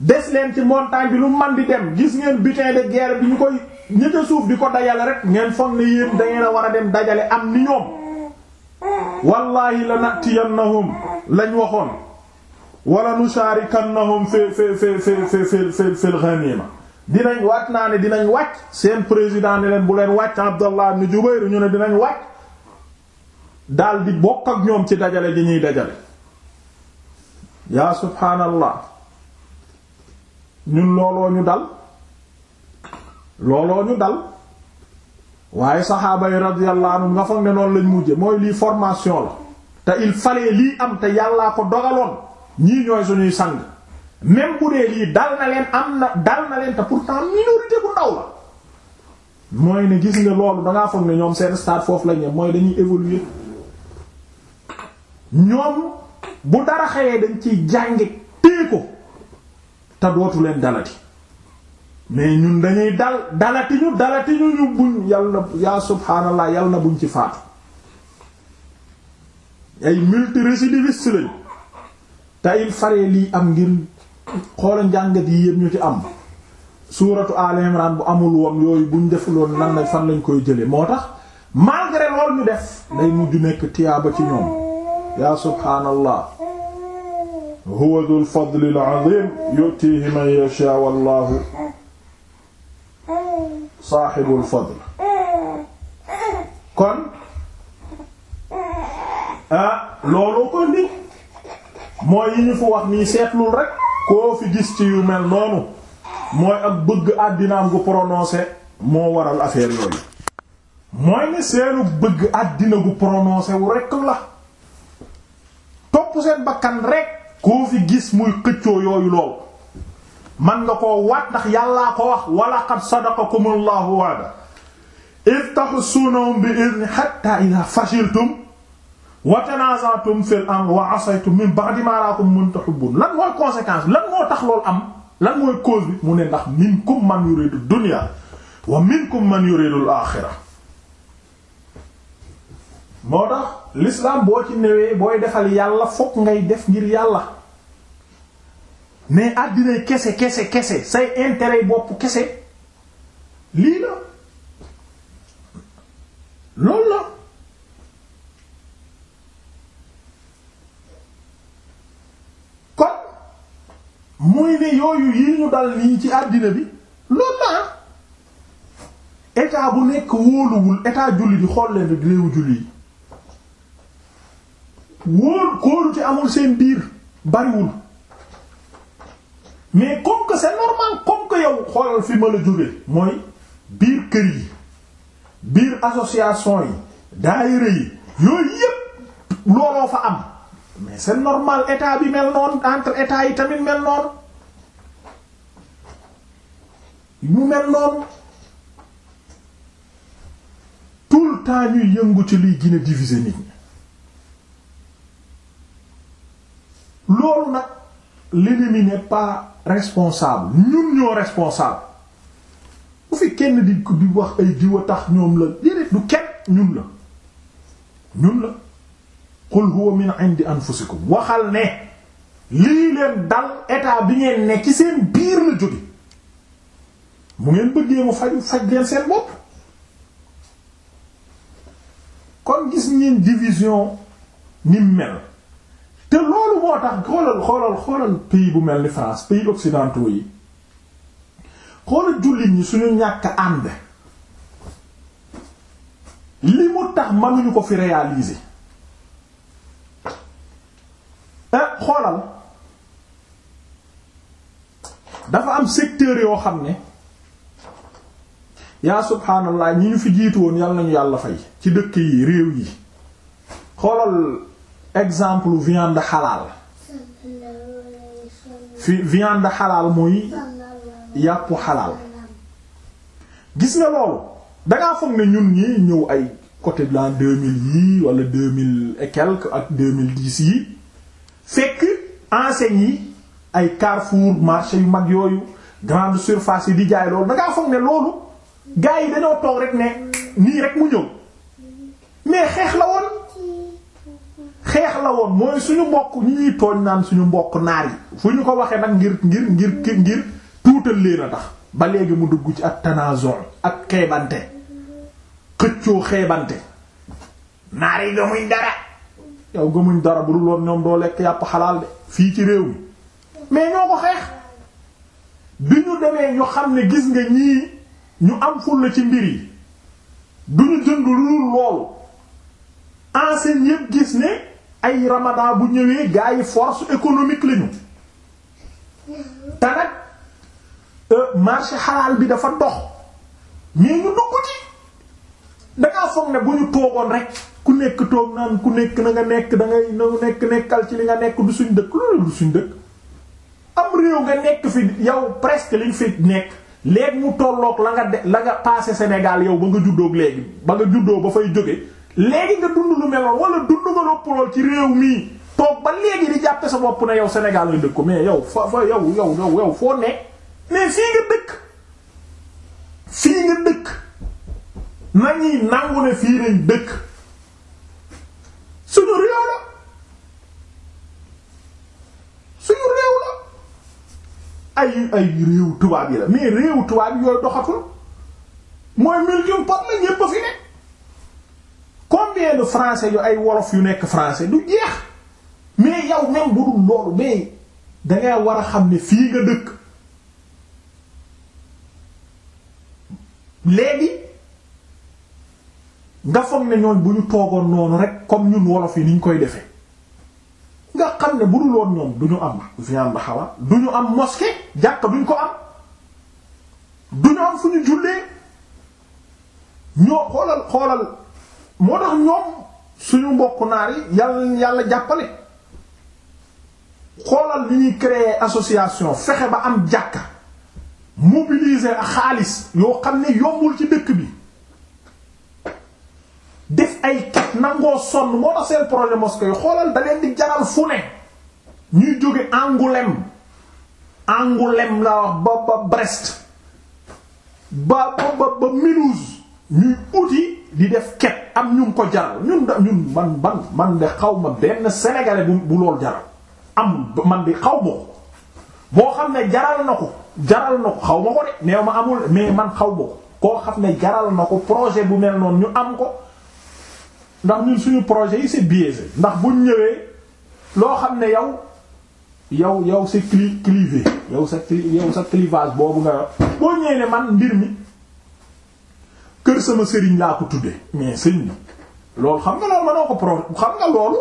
des leen ci montagne bi lu man di dem gis ngeen butin de guerre bi ñu koy ñëkk suuf di ko dajale rek ngeen foog ne yéen da ngeen a war a dem dajale am ni ñoom wallahi la natiyannahum lañ waxoon wala nusharikannahum fi fi fi fi fi fi al-ghanima dinañ waat naa ne dinañ wàcc seen président ne leen bu leen wàcc Abdallah ibn Jubayr ñu ne dinañ wàcc daal di bokk ak ñoom ci dajale di ñuy dajale yaa subhaanallah ñun looloo ñu dal looloo ñu dal waaye saxaaba yi radiyallahu anhum nga foog ne noonu lañ mujje mooy lii formation la te il fallait lii am te yàllaa ko dogaloon ñii ñooy suñuy sang même bu dee lii dal na leen am na dal na leen te pourtant minorité bu ndaw la mooy ne gis nga loolu dangaa foog ne ñoom seen stade foofu lañ ne mooy dañuy évoluer ñoom bu dara xëyee dañ ci jànge téye ko te dootu leen dalati mais ñun dañuy dal dalati ñu dalati ñu ñu buñ yal na yaa subhaanallah yal buñ ci faatu ay multirécidivistes lañ tey faree lii am ngir xoola njàngat yi yépp ñu ci am suuratu Al Imran bu amul woon yooyu buñ defuloon nan la fan lañ koy jële moo tax malgré loolu ñu def day mujj nekk tiyaaba ci ñoom yaa subhaanallah huwa dhul fadlil azim yutihi man yasha wallahu saaxibul fadl kon ah looloo ko mooy yi ñu fi wax nii seetlul rek koo fi gis ci yu mel noonu mooy ak bëgg àddinaam gu prononcé moo waral affaire yooyu mooy ne seenu bëgg àddina gu prononcé wu rek la topp seen bakkan rek koo fi gis muy xëccoo yooyu lool man nga ko waat ndax yàllaa ko wax wala qad sadaqakum allahu wa'da iz tahussunahum bi idni hatta idha fashiltum wa tanaza'tum fil amri 'asaytum min ba'di ma araakum ma lan mooy conséquence lan moo tax loolu am lan mooy cause bi mu ne ndax minkum man yuridu dunya wa minkum man yuridu al moo tax l'islam boo ci newee booy defal yàlla fokk ngay def ngir yàlla mais àddina kese kese kese say intérêt bopp kese lii la loolu la kon muy ne yooyu yi ñu dal nii ci àddina bi loolu la état bu nekk wóoluwul état julli di xool leen réewu julli yi wóor kóolu ci amul seen biir bariwul mais comme que c'est normal comme que yow xoolal fi ma la jóge mooy biir kër yi biir association yi daayira yi yooyu yépp looloo fa am mais seen normal état bi mel noonu entre état yi tamit mel noonu mu mel noonu tout le temps ñuy yëngu ci liy gën a nit loolu nag l'ennemi n'est pas responsable ñun ñoo responsable bu fi kenn di di wax ay diwa tax ñoom la déedéet du kenn ñun la ñun la qul huwa min indi anfusikum waxal ne lii leen dal état bi ngeen ne ci seen biir la jóge mu ngeen bëggee mu faju faj leen seen bopp kon gis ngeen division ni mel te loolu moo tax xoolal xoolal xoolal pays bu mel ni France pays occidentaux yi xoolal jullit ñi suñu ñàkk ànd li mu tax mënuñu ko fi réaliser eh, xoolal dafa am secteur yoo xam ne yaa subhaanallah ñi ñu fi jiitu woon yàlla nañu yàlla fay ci dëkk yi réew yi xoolal exemple viande xalaal fi viande xalaal mooy yàppu xalaal gis nga loolu dangaa foog ne ñun ñi ñëw ay côté de l'an 2000 yii wala 2000 et quelque ak de 2010 yi fekk enseignes yi ay Carrefour marché yu mag yooyu grande surface yi di jaay loolu dangaa foog ne loolu gars yi dañoo toog rek ne nii rek mu ñëw mais xeex la woon xeex la woon mooy suñu mbokk ñi ñuy tooñ naan suñu mbokk naar yi fu ñu ko waxee nag ngir ngir ngir ngir tuutal leen a tax ba léegi mu dugg ci ak tanazon ak xeebante xëccoo xeebante naar yi gëmuñ dara yow gëmuñ dara bu dul woon ñoom doo lekk yàpp xalaal de fii ci réew mi mais ñoo ko xeex bi ñu demee ñu xam ne gis nga ñii ñu am fulla ci mbir yi du ñu jënd lu dul loolu enseigne yépp gis ne ay ramadan bu ñëwee gaa yi force économique lañu te nag euh, marché xalaal bi dafa dox mais ñu dugg ci dangaa foog ne bu ñu toogoon rek ku nekk toog naan ku nekk na nga nekk da ngay na nekk nekkal ci li nga nekk du suñ dëkk loolu du suñ dëkk am réew nga nekk fi yow presque liñ fi nekk léegi mu tolloog la nga de la nga passé Sénégal yow ba nga juddoo léegi ba nga juddoo ba fay jóge léegi nga dund lu mel noonu wala dund nga loppulool ci réew mii toog ba léegi di jàppe sa bopp na yow Sénégal la dëkk mais yow fa fa yow yow yow yow foo ne mais fii nga dëkk fii nga dëkk nañuy nangu ne fii nañ dëkk suñu réew la suñu réew la ay ay réew tubaab yi la mais réew tubaab yi doxatul mooy miltium pot la ñépp fi ne combien de français yu ay wolof yu nekk français du jeex mais yow même bu dul loolu mais dangay war a xam ne fii nga dëkk léegi nga foog ne ñooñ bu ñu toogoon noonu rek comme ñun wolof yi ni ñu koy defee nga xam ne bu dul woon ñoom du ñu am viande xawa du ñu am mosquée jàkka duñ ko am du ñu am fu ñu jullee ñoo xoolal xoolal moo tax ñoom suñu mbokk naar yi yàlla jàppale xoolal bi ñuy créer association fexe ba am jàkka mobiliser ak xaalis yoo xam ne yombul ci dëkk bi def ay kat nangoo sonn moo tax seen projet mosquée xoolal da leen di jaral fu ne ñuy jóge Angoulême Angoulême la wax ba ba Brest ba ba ba Mulhouse ñuy uti di def ket am ñu ko jaral ñun da ñun man man man de xaw ma benn sénégalais bu bu lool jaral am man de xaw ma ko boo xam ne jaral na ko jaral na ko xaw ma ko de neew ma amul mais man xaw ma ko koo xam ne jaral na ko projet bu mel noonu ñu am ko ndax ñun suñu projet yi c'est biaisé ndax buñ ñëwee loo xam ne yow yow yow c'est clivé yow sa sa clivage boobu nga yor boo ñëwee ne man mbir mi kër sama sëriñ laa ko tudde mais sëñ bi loolu xam nga loolu mënoo ko pro xam nga loolu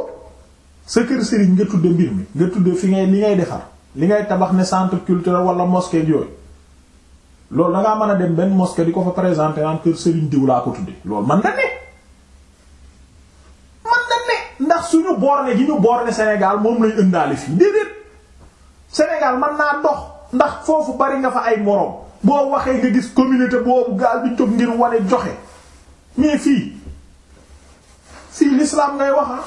sa kër sëriñ nga tudde mbir mi nga tudde fi ngay li ngay defar li ngay tabax ne centre culture wala mosquée yooyu loolu da ngaa mën a dem benn mosquée di ko fa présenter naan kër sëriñ diw laa ko tudde loolu man na ne man da ne ndax suñu ne gi ñu borne Sénégal moom lay ëndaale fii déedéet Sénégal man naa dox ndax foofu bari nga fa ay moroom boo waxee nga gis communauté boobu gaal bi jóg ngir wane joxe mais fii fii l'islam ngay wax ah.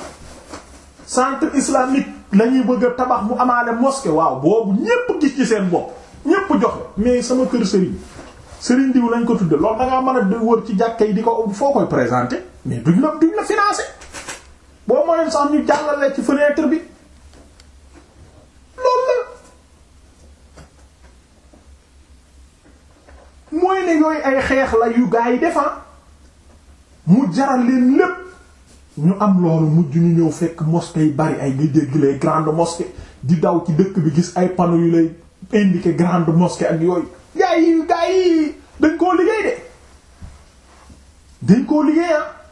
centre islamique la ñuy bëgg a tabax mu amaale mosquée waaw boobu ñépp gis ci seen bopp ñépp joxe mais sama kër Serigne Serigne diw lañ ko tudde loolu da ngaa mën a wër ci jàkka di ko foo koy présenter mais duñ la duñ la financer boo moyen sax ñu jàllale ci fenêtre bi loolu la. mooy ne yooyu ay xeex la yu gaa yi defar ah. mu jaral leen lépp ñu am loolu mujj ñu ñëw fekk mosquée yi bari ay ngay dégg les grandes mosquées di daw ci dëkk bi gis ay panneaux yu lay indiquer grande mosquée ak yooyu gaa yi gaa yi dañ koo liggéey de dañ koo liggéey ah.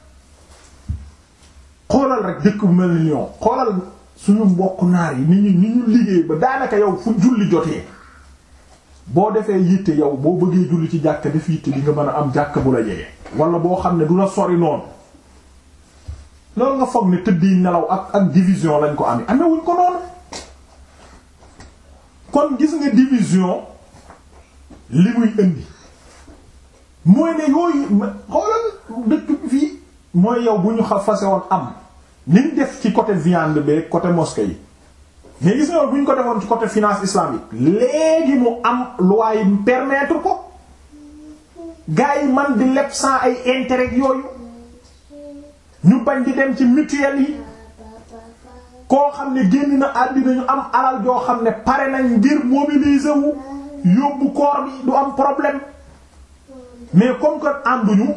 xoolal rek dëkk bu mel ni Lyon xoolal suñu mbokk naar yi ni ñu ni ñu liggéey ba daanaka yow fu julli jotee boo defee yitte yow boo bëggee julli ci jàkka def yitte bi nga mën a am jàkka bu la jege. wala boo xam ne du la sori noonu loolu nga foog ne tëddi nelaw ak ak division lañ ko am amee amewuñ ko noonu kon gis nga division li muy indi mooy ne yooyu xoolal dëkk fii mooy yow bu ñu xa fase woon am niñ def ci côté viande beeg côté mosquée yi. mais gis nga bu ñu ko defoon ci côté finance islamique léegi mu am loi yi permettre ko gars yi man di leb sans ay intérêt yooyu ñu bañ di dem ci mutuelle yi koo xam ne génn na àddina ñu am alal joo xam ne pare nañ ngir mobiliser wu yóbbu koor bi du am problème mais comme que ànduñu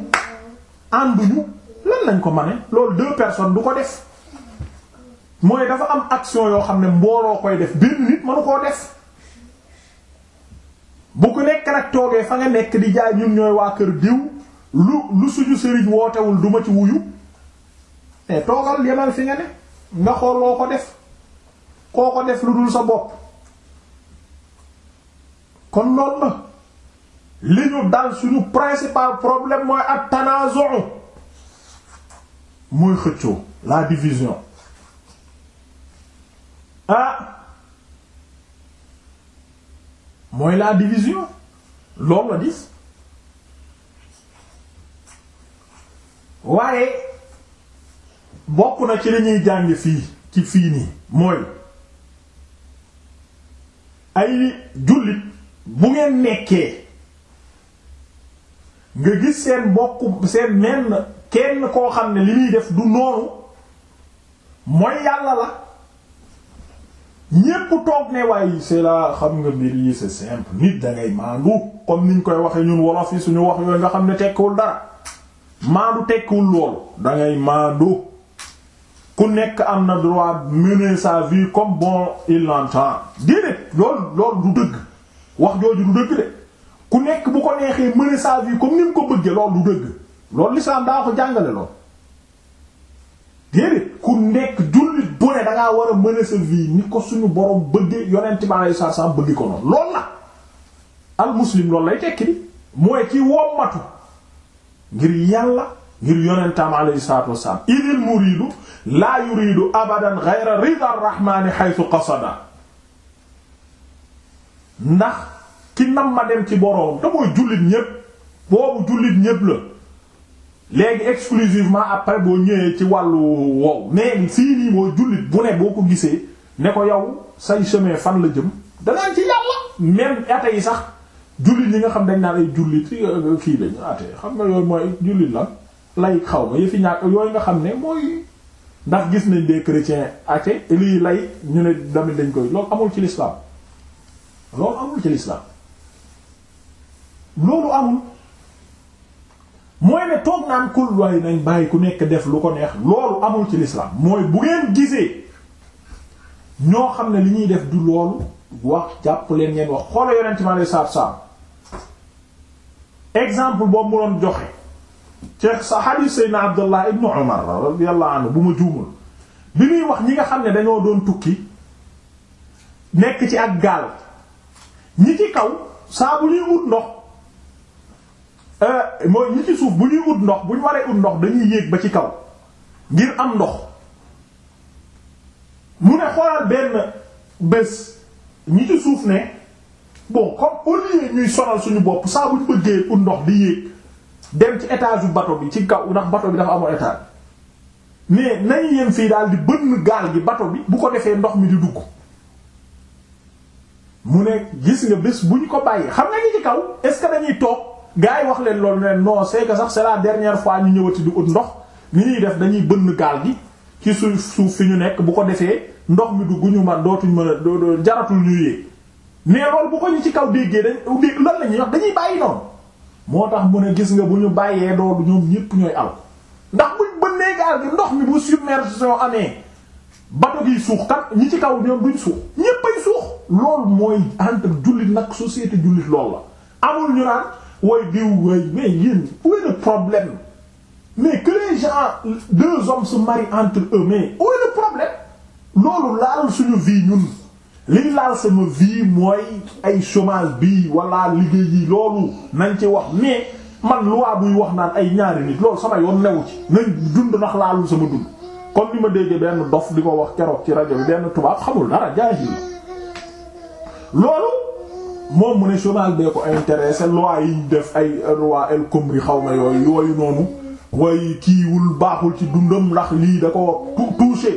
ànduñu lan lañ ko mane loolu deux personnes du ko def mooy dafa am action yoo xam ne mbooloo koy def benn nit mënu koo def bu ku nekk nag toogee fa nga nekk di jaay ñun ñooy waa kër diw lu lu suñu sëriñ wootewul duma ma ci wuyu mais eh, toogal yemal fi nga ne nga xool loo ko def koo ko def lu dul sa bopp kon loolu na li ñu daal suñu principal problème mooy ak tanazu mooy xëccoo la division ah mooy la division loolu la dis waaye bokk na ci li ñuy jàng fii ci fii nii mooy ay jullit bu ngeen nekkee nga gis seen bokk seen menn kenn koo xam ne li muy def du noonu mooy yàlla la ñépp toog ne waaye c'est là xam nga mbir yi c'est simple nit dangay maandu comme niñ koy waxee ñun wolof yi suñu wax yooyu nga xam ne tekkiwul dara maandu tekkiwul loolu dangay maandu ku nekk am na droit mener sa comme bon il l'entend déedéet loolu loolu du dëgg wax jooju du dëgg de ku nekk bu ko neexee mener sa vie comme ni mu ko bëggee loolu du dëgg loolu l'islam daa ko jàngale lool déedéet ku nekk jullit bu ne da war a mën sa vie ni ko suñu borom bëggee yonent bi alayhi salaam bëgg ko noonu loolu la al muslim lay tekki di mooy ci wommatu ngir yàlla ngir yonentam alayhi salaatu wasalaam idil muriidu laa yuriidu abadan ghayra rida arrahmani haythu qasada ndax ki nam ma dem ci borom te mooy jullit ñépp boobu jullit ñépp la léegi exclusivement après boo ñëwee ci wàllu wow mais fii nii mooy jullit bu ne boo ko gisee ne ko yow say chemin fan la jëm danaan ci yàlla même ate yi sax jullit yi nga xam dañ naan ay jullit euh, euh, kii lañu ate xam nga yooyu mooy jullit la lay xaw ma yëfi ñàkk yooyu nga xam ne mooy ndax gis nañ des chrétiens ate lii lay ñu ne damit dañ koy loolu amul ci l'islam loolu amul ci l'islam loolu amul mooy ne toog naan kul waaye nañ bàyyi ku nekk def lu ko neex loolu amul ci l'islam mooy bu ngeen gisee ñoo xam ne li ñuy def du loolu wax jàpp leen ngeen wax xoola yonent mi alei saatu salaam exemple boobu mu doon joxe ci sa hadith saydna abdullah ibnu umar radiyallahu anhu bu ma juumul bi muy wax ñi nga xam ne dañoo doon tukki nekk ci ak gaal ñi kaw saa bu wut ndox Euh, mooy ñi ci suuf bu ñuy ut ndox bu ñu waree ut ndox dañuy yéeg ba ci kaw ngir am ndox mu ne xoolal benn bés ñi ci suuf ne bon comme au lieu ñuy sonal suñu bopp saa bu ñu bëggee ut ndox di yéeg dem ci étage bu bato bi ci kaw ndax bato bi dafa amul étage mais nañu yem fii dal di bënn gaal gi bato bi bu ko defee ndox mi di dugg mu ne gis nga bés bu ñu ko bàyyi xam nga ñi ci kaw est-ce que dañuy toog. gars yi wax leen loolu ne non c'est que sax c'est la fois ñu ñëwati du ut ndox ni ñuy def dañuy bënn gaal gi ci suuf suuf fi ñu nekk bu ko defee ndox mi du ñu man dootuñ mën a jaratul ñu yéeg bu ko ci kaw déggee dañ lan la ñuy wax dañuy bàyyi noonu moo tax mu ne gis nga bu ñu bàyyee doolu ñoom ñépp ñooy al ndax buñ bënnee gaal gi ndox mi bu submersion amee bato gi suux kat ñi ci kaw ñoom duñ suux ñépp ay suux loolu mooy entre jullit nag société jullit loolu la amul ñu naan way diw way mais yéen où est le problème mais que les gens deux hommes se marient entre eux mais où est problème loolu laal suñu vie ñun liy laal sama vie mooy ay chômage bi wala liggéey yi loolu nañ ci wax mais man loi buy wax naan ay ñaari nit loolu sama yoon newu ci nañ dund ndax laalul sama dund comme li ma déggee benn dof di ko wax keroog ci rajo bi benn tubaab xamul dara jaahil loolu moom mu ne journal bee ko intéressé loi yi def ay loi El Khomri xaw ma yooyu yooyu noonu way kiiwul baaxul ci dundam ndax lii da ko touché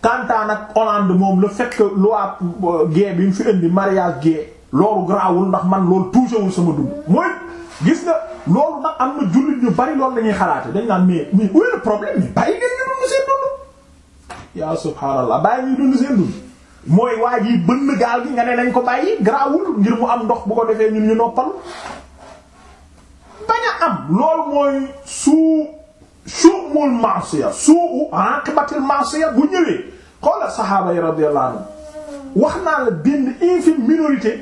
kantaan ak Hollande moom la fekk que loi euh, bi mu fi indi mariage gay loolu garaawul ndax man loolu touché wul sama dund mooy gis nga loolu nag am na jullit ñu bari loolu lañuy xalaate dañ naan mais mais où est le problème bàyyi ngeen ñu dund seen dund yaa subhaanallah bàyyi ñuy dund seen dund mooy waa ji bënn gaal gi nga nee nañ ko bàyyi garaawul ngir mu am ndox bu ko defee ñun ñu noppal bañ a am loolu mooy suu suumul masiya suu aqibatil masiya bu ñëwee xoola saxaaba yi radiyallahu anhu wax naa la benn infime minorité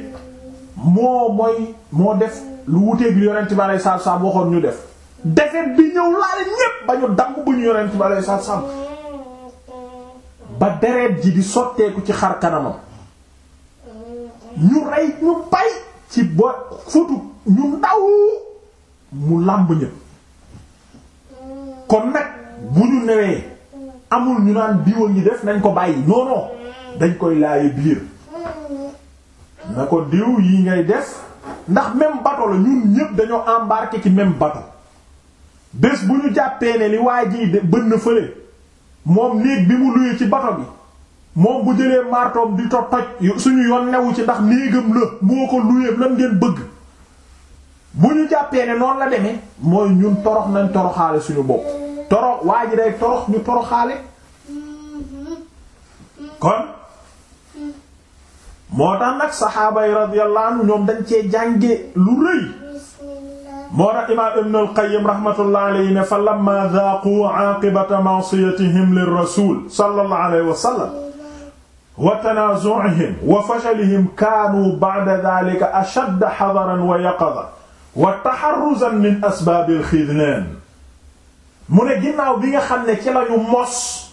moo mooy moo def lu wuteeg li yonent bi alei satu salaam waxoon ñu def defet bi ñëw laale ñépp ba ñu damb bu ñu yonent bi alei satu salaam ba deret ji di sotteeku ci xar kanamam ñu rey ñu bay ci bo futu ñu ndaw mu làmb ñëpp kon nag bu ñu newee amul ñu naan diwa ngi def nañ ko bàyyi non dañ koy laaye biir na ko diw yi ngay def ndax même bato la ñun ñëpp dañoo embarqué ci même bato bés bu ñu jàppee ne li waa ji de na fële moom néeg bi mu luye ci bato bi moom bu jëlee martoom di to toj suñu yoon newu ci ndax néegam la moo ko luyeeb lan ngeen bëgg bu ñu jàppee ne noonu la deme mooy ñun torox nañ toroxaale suñu bopp torox waa ji day torox ñu toroxaale kon moo tax nag saxaaba yi radiyallahu anhu ñoom dañ cee jànge lu rëy moo tax imaam ibn al-Qayyim rahmatullah alayhi ne fa lamma dhaaqu aaqibata ma'siyatihim lir-rasul sallallahu alayhi wa sallam wa tanaazu'ihim wa fashalihim kaanu ba'da dhalika ashadda hadaran wa yaqadan wa taharruzan min asbaabil xidlaan mu ne ginnaaw bi nga xam ne ci lañu mos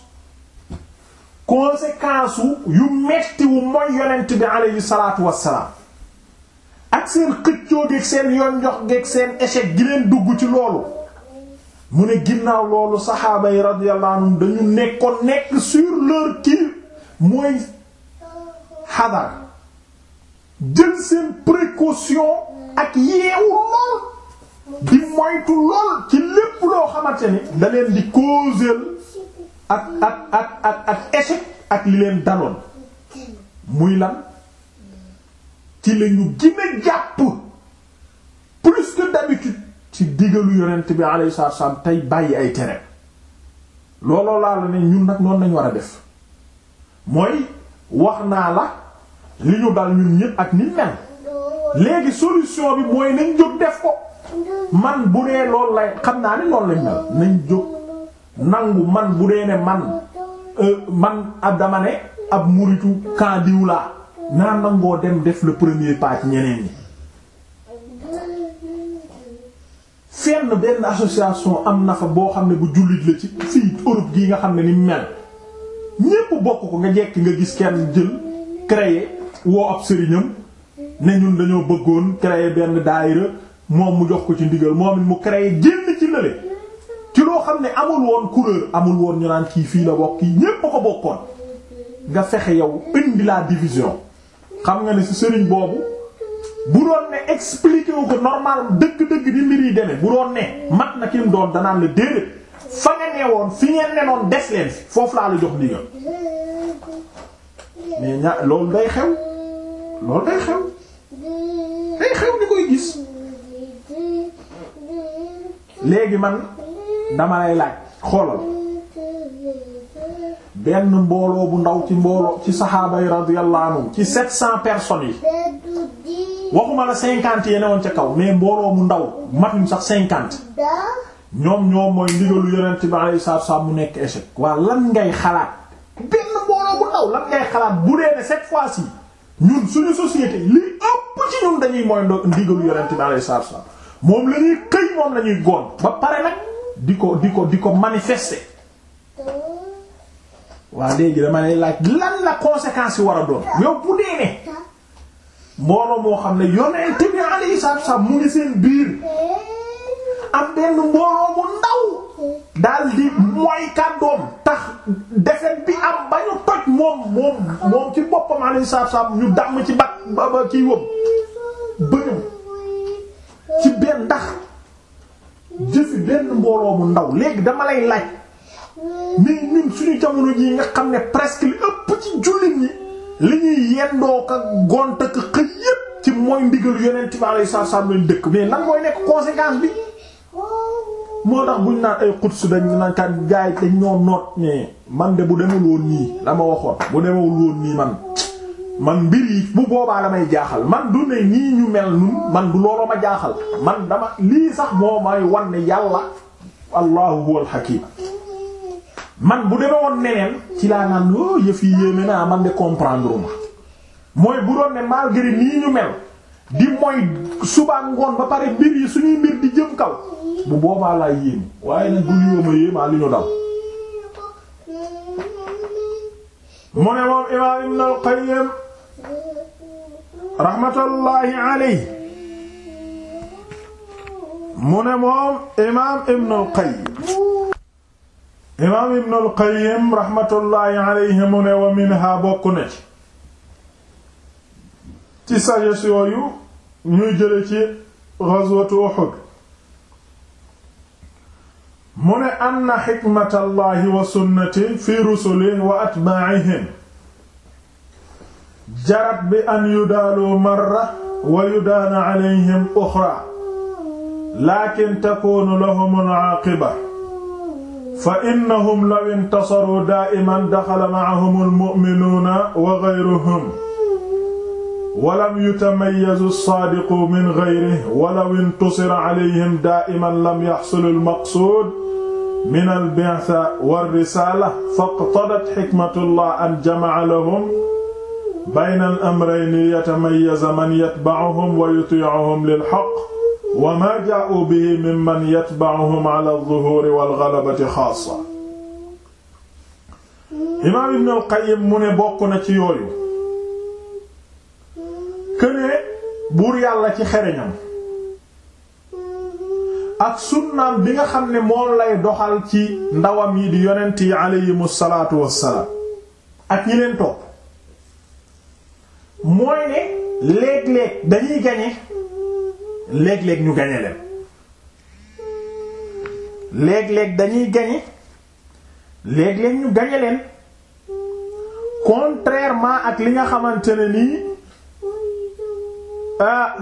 conséquence yu metti wu mooy yonent bi alayhi salaatu wassalaam ak seen xëccoo geeg seen yoon jox geeg seen échec gi leen dugg ci loolu mu ne ginnaaw loolu saxaaba yi radiyallahu anhum dañu nekkoon nekk sur leur kii mooy xadar jël seen précaution ak yeewu lool di moytu lool ci lépp loo xamante ni da leen di causeel ak ak ak ak ak ak li leen daloon muy lan ci lañu gën a jàpp plus que d'habitude ci digalu yonent bi alayhi salaatu wasallam tey bàyyi ay tere looloo laa la ne ñun nag noonu lañu war a def mooy wax naa la li ñu dal ñun ñépp ak ni mel léegi solution bi mooy nañ jóg def ko man bu dee loolu lay xam naa ne loolu lañ mel nañ jóg nangu man bu dee ne man euh, man ab dama ne ab muritu kandiw naa nangoo dem def le premier pas ñeneen ñi fenn benn association am nafa boo xam ne bu jullit la ci fii Europe gii nga xam ne ni mel ñépp bokk ko nga jekki nga gis kenn jël créer woo ab sëriñam ne ñun dañoo bëggoon créer benn daayira moom mu jox ko ci ndigal moom mu créer génn ci lële ci loo xam ne amul woon couleur amul woon ñu naan kii fii la bokk kii ñépp ko bokkoon nga fexe yow indi la division xam nga ne si sëriñ boobu bu doon ne expliqué wu ko normal dëgg-dëgg di mbir yi demee bu doon ne mat na ki mu doon danaan la déedéet fa nga nee woon fi ngeen ne des leen fi foofu laa la jox ndigal ña loolu day xew loolu day xew day xew ni koy gis léegi man dama lay laaj xoolal. benn mbooloo bu ndaw ci mbooloo ci saxaaba yi radiyallahu anhu ci sept cent personnes yi waxuma la cinquante yi ne ca kaw mais mbooloo mu ndaw matuñ sax cinquante ñoom ñoom mooy ndigalu yonent bi alayhi salaatu salaam mu nekk échec waa lan ngay xalaat benn mbooloo bu ndaw lan ngay xalaat bu dee ne cette fois-ci ñun suñu société li ëpp ci ñun dañuy mooy ndigalu yonent bi alayhi salaatu salaam moom lañuy ñuy moom la ñuy ba pare nag di ko di ko di ko manifester waa léegi dama lay laaj lan la conséquence yi war a doon yow bu dee ne mbooloo moo xam ne yonent bi alayhi salaatu mu ngi seen biir am benn mbooloo mu ndaw daal mooy kàddoom tax defet bi am ba ñu toj moom moom ci boppam alayhi salaatu ñu damm ci bat ba ci wëm bëñum ci benn ndax jëfi benn mbooloo mu ndaw léegi dama lay laaj mais ñun suñu jamono jii nga xam ne presque li ëpp ci jullit ñi li ñuy yendoo ka gont ak xëy yépp ci mooy ndigal yonent bi alayhi salaam lañ dëkk mais nan mooy nekk conséquence bi moo tax buñ naan ay Quds dañ naan kat jaay dañ ñoo noot ne man de bu demul woon nii dama ma waxoon bu demul woon nii man man mbir yi bu boobaa damay jaaxal man du ne nii ñu mel nun man du looloo ma jaaxal man dama lii sax moo may wan ne yàlla allahu huwal man bu demee woon neneen ci laa naan o oh, yëf yéeme naa man de comprendre uma mooy bu doon ne malgré nii ñu mel di mooy suba ngoon ba pare mbir yi suñuy mbir di jëm kaw bu boobaa laa yéem waaye nag bu yóoma yéemaa li ñu dal mu ne moom imaam Ibn al imaam ibn al wa minha bokk na ci ci sagesse yooyu ñuy anna xikmatallaahi wa sunnati fi rusulihi wa atbaa'ihim jarat bi an yudaalu marra wa yudaana alayhim uxra laakin takuunu lahum al fa innahum law intasaruu daa'iman daxala ma'ahum al-mu'minuuna wa ghayruhum wa lam yutamayyazu as-saadiqu min ghayrihi wa law intusira 'alayhim daa'iman lam yahsul al-maqsuud min al-bi'sa war-risaala faqtadat hikmatullah an jama'a lahum bayna al-amrayni liyatamayyaza man yatba'uhum wa yuti'uhum lil-haqq wa maa jaa'u bihi mimman yatba'uhum ala adh-dhuhuri wal ghalabati xaassa imaam Ibn al-Qayyim mu ne bokk na ci yooyu këne buur yàlla ci xereñam ak sunnaam bi nga xam ne moom lay doxal ci ndawam yi di yonent yi aleyhimu salaatu wassalaam ak ñi leen topp mooy ne léeg-léeg dañuy gañe léeg-léeg ñu gañe leen léeg-léeg dañuy gañe léeg-léeg ñu gañe leen contrairement ak li nga xamante ne nii ah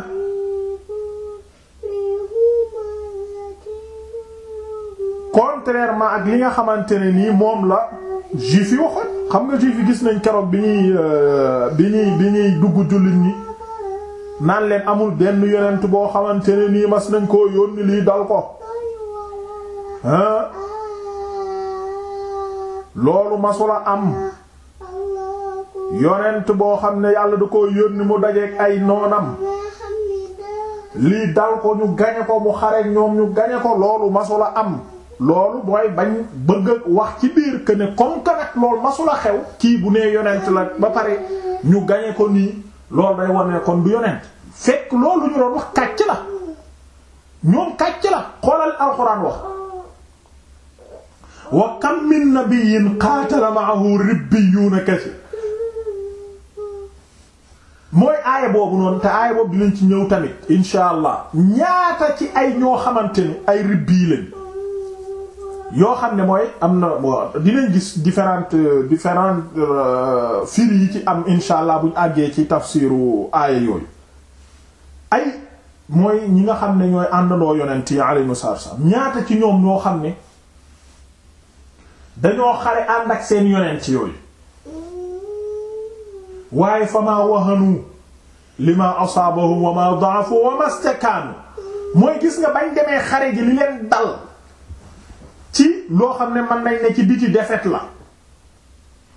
contrairement ak li nga xamante ne nii moom la juif yi waxoon xam nga juif yi gis nañ keroog bi ñuy euh, bi ñuy bi ñuy dugg jullit ñi naan leen amul benn yonent boo xamante ne nii mas nañ koo yónni lii dal ko loolu masula am yonent boo xam ne yàlla du ko yónni mu dajeek ay noonam lii dal ko ñu gañe ko mu xare ñoom ñu gañe ko loolu masula am loolu mooy bañ bëgg wax ci biir que ne comme que nag loolu xew kii bu nee yonent la ba pare ñu gañe ko nii loolu day wane kon du yonent fekk loolu ñu doon wax kàcc la ñoom kàcc la xoolal alxuraan wax wa kam min nabiyyin qaatala ma'ahu ribbiyuuna kasi mooy aaya boobu noonu te aaya boobu dinañ ci ñëw tamit insha allah ñaata ci ay ñoo xamante ni ay ribbi lañ yoo xam ne mooy am na dinañ gis différentes différentes euh, firi yi ci am insha buñ àggee ci tafsiru aaya yooyu ay mooy ñi nga xam ne ñooy àndandoo yonent yi alayhimu salaam ñaata ci ñoom ñoo xam ne dañoo xare ànd ak seen yonent yooyu waaye fa maa wahanu lima asaabahum wa maa da'afu wa mastakaanu mooy gis nga bañ demee xare ji leen dal ci loo xam ne mën nañ ne ci biti defet la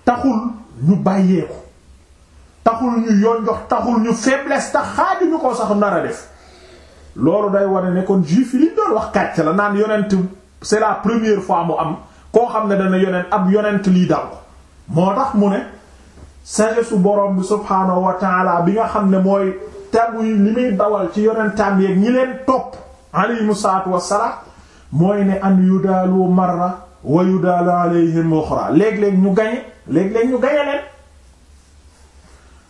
taxul ñu bàyyeeku taxul ñu yoon jox taxul ñu faiblesse tax xaaju ñu ko sax nar a def loolu day wane ne kon juif yi liñ doon wax kàcc la naan yonent c'est la première fois mu am koo xam ne dana yonent ab yonent lii dal ko moo tax mu ne sagesu borom bi subhaanahu wa taala bi nga xam ne mooy tàggu li muy dawal ci yonentam yeeg ñi leen topp aleyhimu salaatu wassalaam mooy ne an yudaalu marra wa yudaalu alayhim uxra léeg-léeg ñu gañe léeg-léeg ñu gañe leen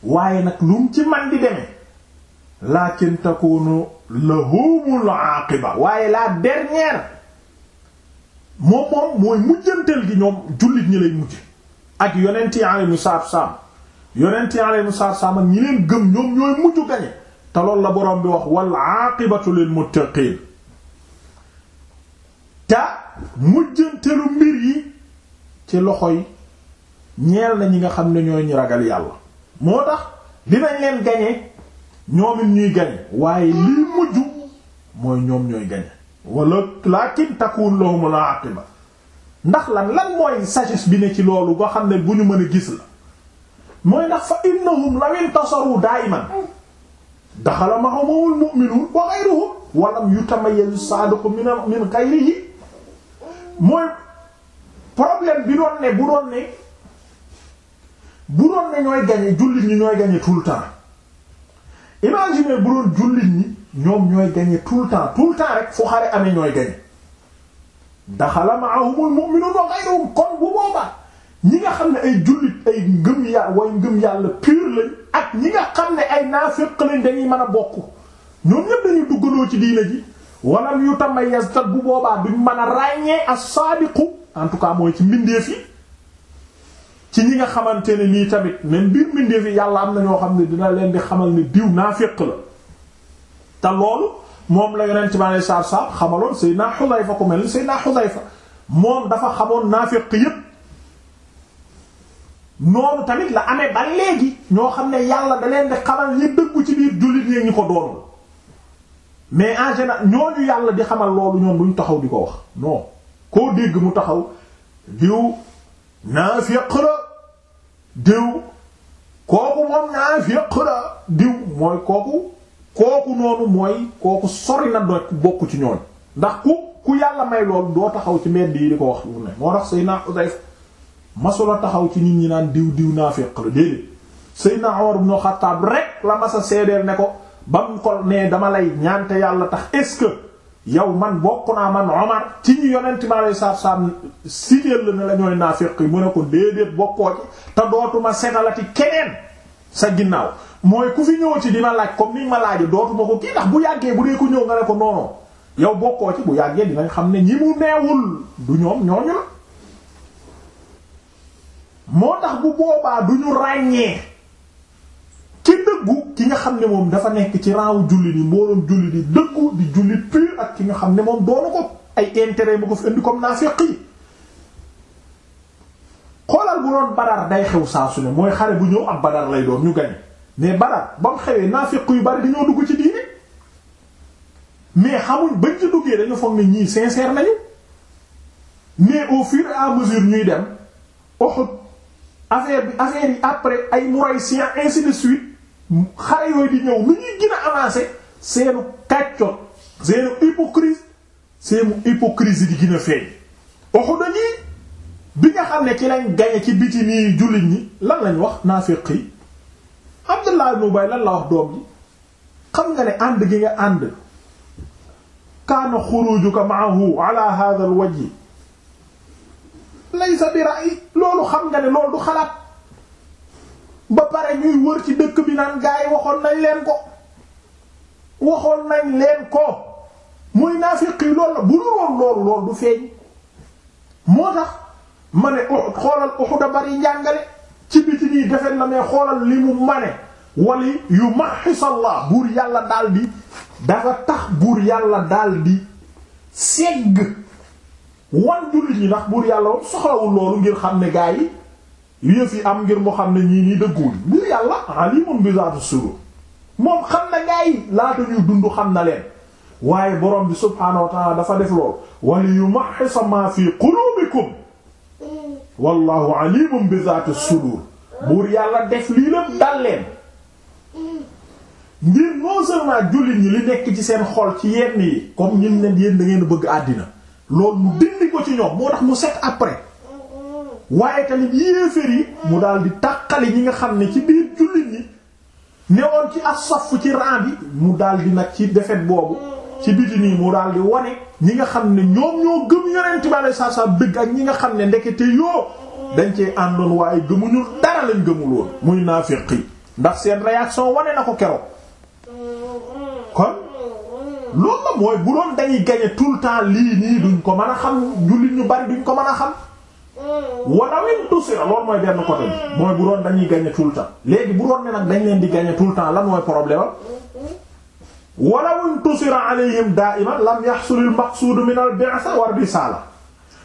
waaye nag lu mu ci man di demee lakin takunu lahumul aqiba waaye la dernière moom moom mooy mujjantal gi ñoom jullit ñi lay mujj ak yonent yi aleyhimu salaatu salaam yonent yi aleyhimu salaatu salaam ak ñi leen gëm ñoom ñooy mujj gañe te la borom bi wax wal aqibatu lil muttaqiin ta mujjantelu mbir yi ci loxo yi ñeel na ñi nga xam ne ñooy ñu ragal yàlla moo tax dinañ leen gañe ñoomit ñuy gañe waaye lii mujj mooy ñoom ñooy gañe wala lakin takun lahum la aqiba ndax lan lan mooy sagesse bi ne ci loolu nga xam ne bu ñu mën a gis la mooy ndax fa innahum law intasaru daayiman daxala mahumul mu'minun wa ghayruhum wa lam yutamayyaz sadiqu min min ghayrihi mooy problème bi doon ne bu doon ne bu doon ne ñooy gañe jullit ñi ñooy gañe tout le temps imaginez bu doon jullit ñi ñoom ñooy gañe tout le temps tout le temps rek fu xare amee ñooy gañe daxala ma'ahumul mu'minuun wa ghayruhum kon bu boobaa ñi nga xam ne ay jullit ay ngëm ya way ngëm yàlla pur lañ ak ñi nga xam ne ay naafiq lañ dañuy mën a bokk ñoom ñépp dañuy duggaloo ci diina ji walam yu tamayaz tat bu boobaa duñ mën a ràññee as-saadiqu en tout cas mooy ci mbindeef yi ci ñi nga xamante ne nii tamit même biir mbindeef yi yàlla am na ñoo xam ne dina leen di xamal ne diw naafiq la te loolu moom la yonent bi alayhi salaatu salaam xamaloon Seydina Xudayfa ku mel ni Seydina moom dafa xamoon naafiq yépp noonu tamit la amee ba léegi ñoo xam ne yàlla da leen di xamal ñi dëggu ci biir jullit yi ñu ko doonul mais en général ñooñu yàlla di xamal loolu ñoom bu ñu taxaw di ko wax non koo dégg mu taxaw diw naafiq la diw kooku moom naafiq la diw mooy kooku kooku noonu mooy kooku sori na doj bokk ci ñooñ ndax ku ku yàlla may loolu doo taxaw ci mbedd yi di ko wax mu ne moo tax Seydina Hudayfa masula taxaw ci nit ñi naan diw diw naafiq la déedéet Seydina Umar ibn Xattaab rek la masa seedeel ne ko ba ko nee dama lay ñaante yàlla tax est-ce que yow man bokk naa man Omar ci ñu yonent ma lay saaf saaf siteel la ne la ñooy naaféq yi mu ne ko déedéet bokkoo ci te dootuma setalati keneen sa ginnaaw mooy ku fi ñëw ci di ma laaj comme ni ma laaj dootuma ko kii ndax bu yàggee bu dee ko ñëw nga ne ko noonu yow bokkoo ci bu yàggee dinañ xam ne ñi mu neewul du ñoom ñooñu la moo tax bu boobaa du ñu ràññee. ci dëggu ki nga xam ne moom dafa nekk ci raawu julli ni mbooloom julli ni dëggu di julli pur ak ki nga xam ne moom doonu ko ay intérêt mu ko fi indi comme naafiq yi xoolal bu doon badar day xew saa su mooy xare bu ñëw ab badar lay doon ñu gañ mais badar ba mu xewee naafiq yu bari dañoo dugg ci diine mais xamuñ bañ ci duggee dañu foog ne ñii sincère nañu mais au fur à mesure ñuy dem Uhud affaire bi affaire yi après ay Mouraysiens ainsi de suite xare di ñëw lu ñuy gën a avancer seenu kàccoot seenu hypocrisie seenu hypocrisie di gën feeñ waxu dañuy bi nga xam ne ci lañ gañe ci biti nii jullit ñi lan lañ wax naafiq yi Abdullah ibn Ubay lan la wax doom xam nga ne ànd gi nga ànd kaana xurujuka ma'ahu ala hadha al wajh laysa bi ra'yi loolu xam nga ne loolu du xalaat ba pare ñuy wër ci dëkk bi naan gaa yi waxoon nañ leen ko waxoon nañ leen ko muy naafiq yi loolu la bu dul woon loolu loolu du feeñ moo tax ma ne Uhud xoolal Uhud a bari njàngale ci biti nii defet na mais xoolal li mu mane wali yu mahisallah buur yàlla daal di dafa tax buur yàlla daal di segg wan jullit yi ndax buur yàlla soxlawul loolu ngir xam ne gaa yi yëf yi am ngir mu xam ne ñii nii dëgguwuñ ngir yàlla alimun bi zaatu sudur moom xam na gaa yi laata ñuy dund xam na leen waaye borom bi subhaanahu wa ta'ala dafa def lool wali yumahhisa ma fi qulubikum wallahu alimun bi zaatu sudur buur yàlla def lii lépp dal leen ngir non seulement jullit ñi li nekk ci seen xool ci yenn yi comme ñun leen yéen da ngeen bëgg àddina loolu mu dindi ko ci ñoom moo tax mu set après waaye tamit yéeféer yi mu daal di tàqali ñi nga xam ne ci biir jullit ñi newoon ci as-saff ci rang bi mu daal di nag ci defet boobu ci biti nii mu daal di wane ñi nga xam ne ñoom ñoo gëm yonent bi alayhi salaam dëgg ak ñi nga xam ne ndekete yoo dañ cee àndoon waaye gëmuñu dara lañ gëmul woon muy naafiq yi ndax seen réaction wane na ko keroog kon loolu la mooy bu doon dañuy gagner tout le temps lii nii duñ ko mën a xam jullit ñu bari duñ ko mën a xam wala win tusira loolu mooy benn côté bi mm-hmm. mooy bu doon dañuy gagner tout le temps léegi bu doon ne nag dañ leen di gagner tout le temps lan mooy problème mm-hmm. wala win tusira alayhim da'iman lam yahsulil maqsuud min al bi'sa war risaala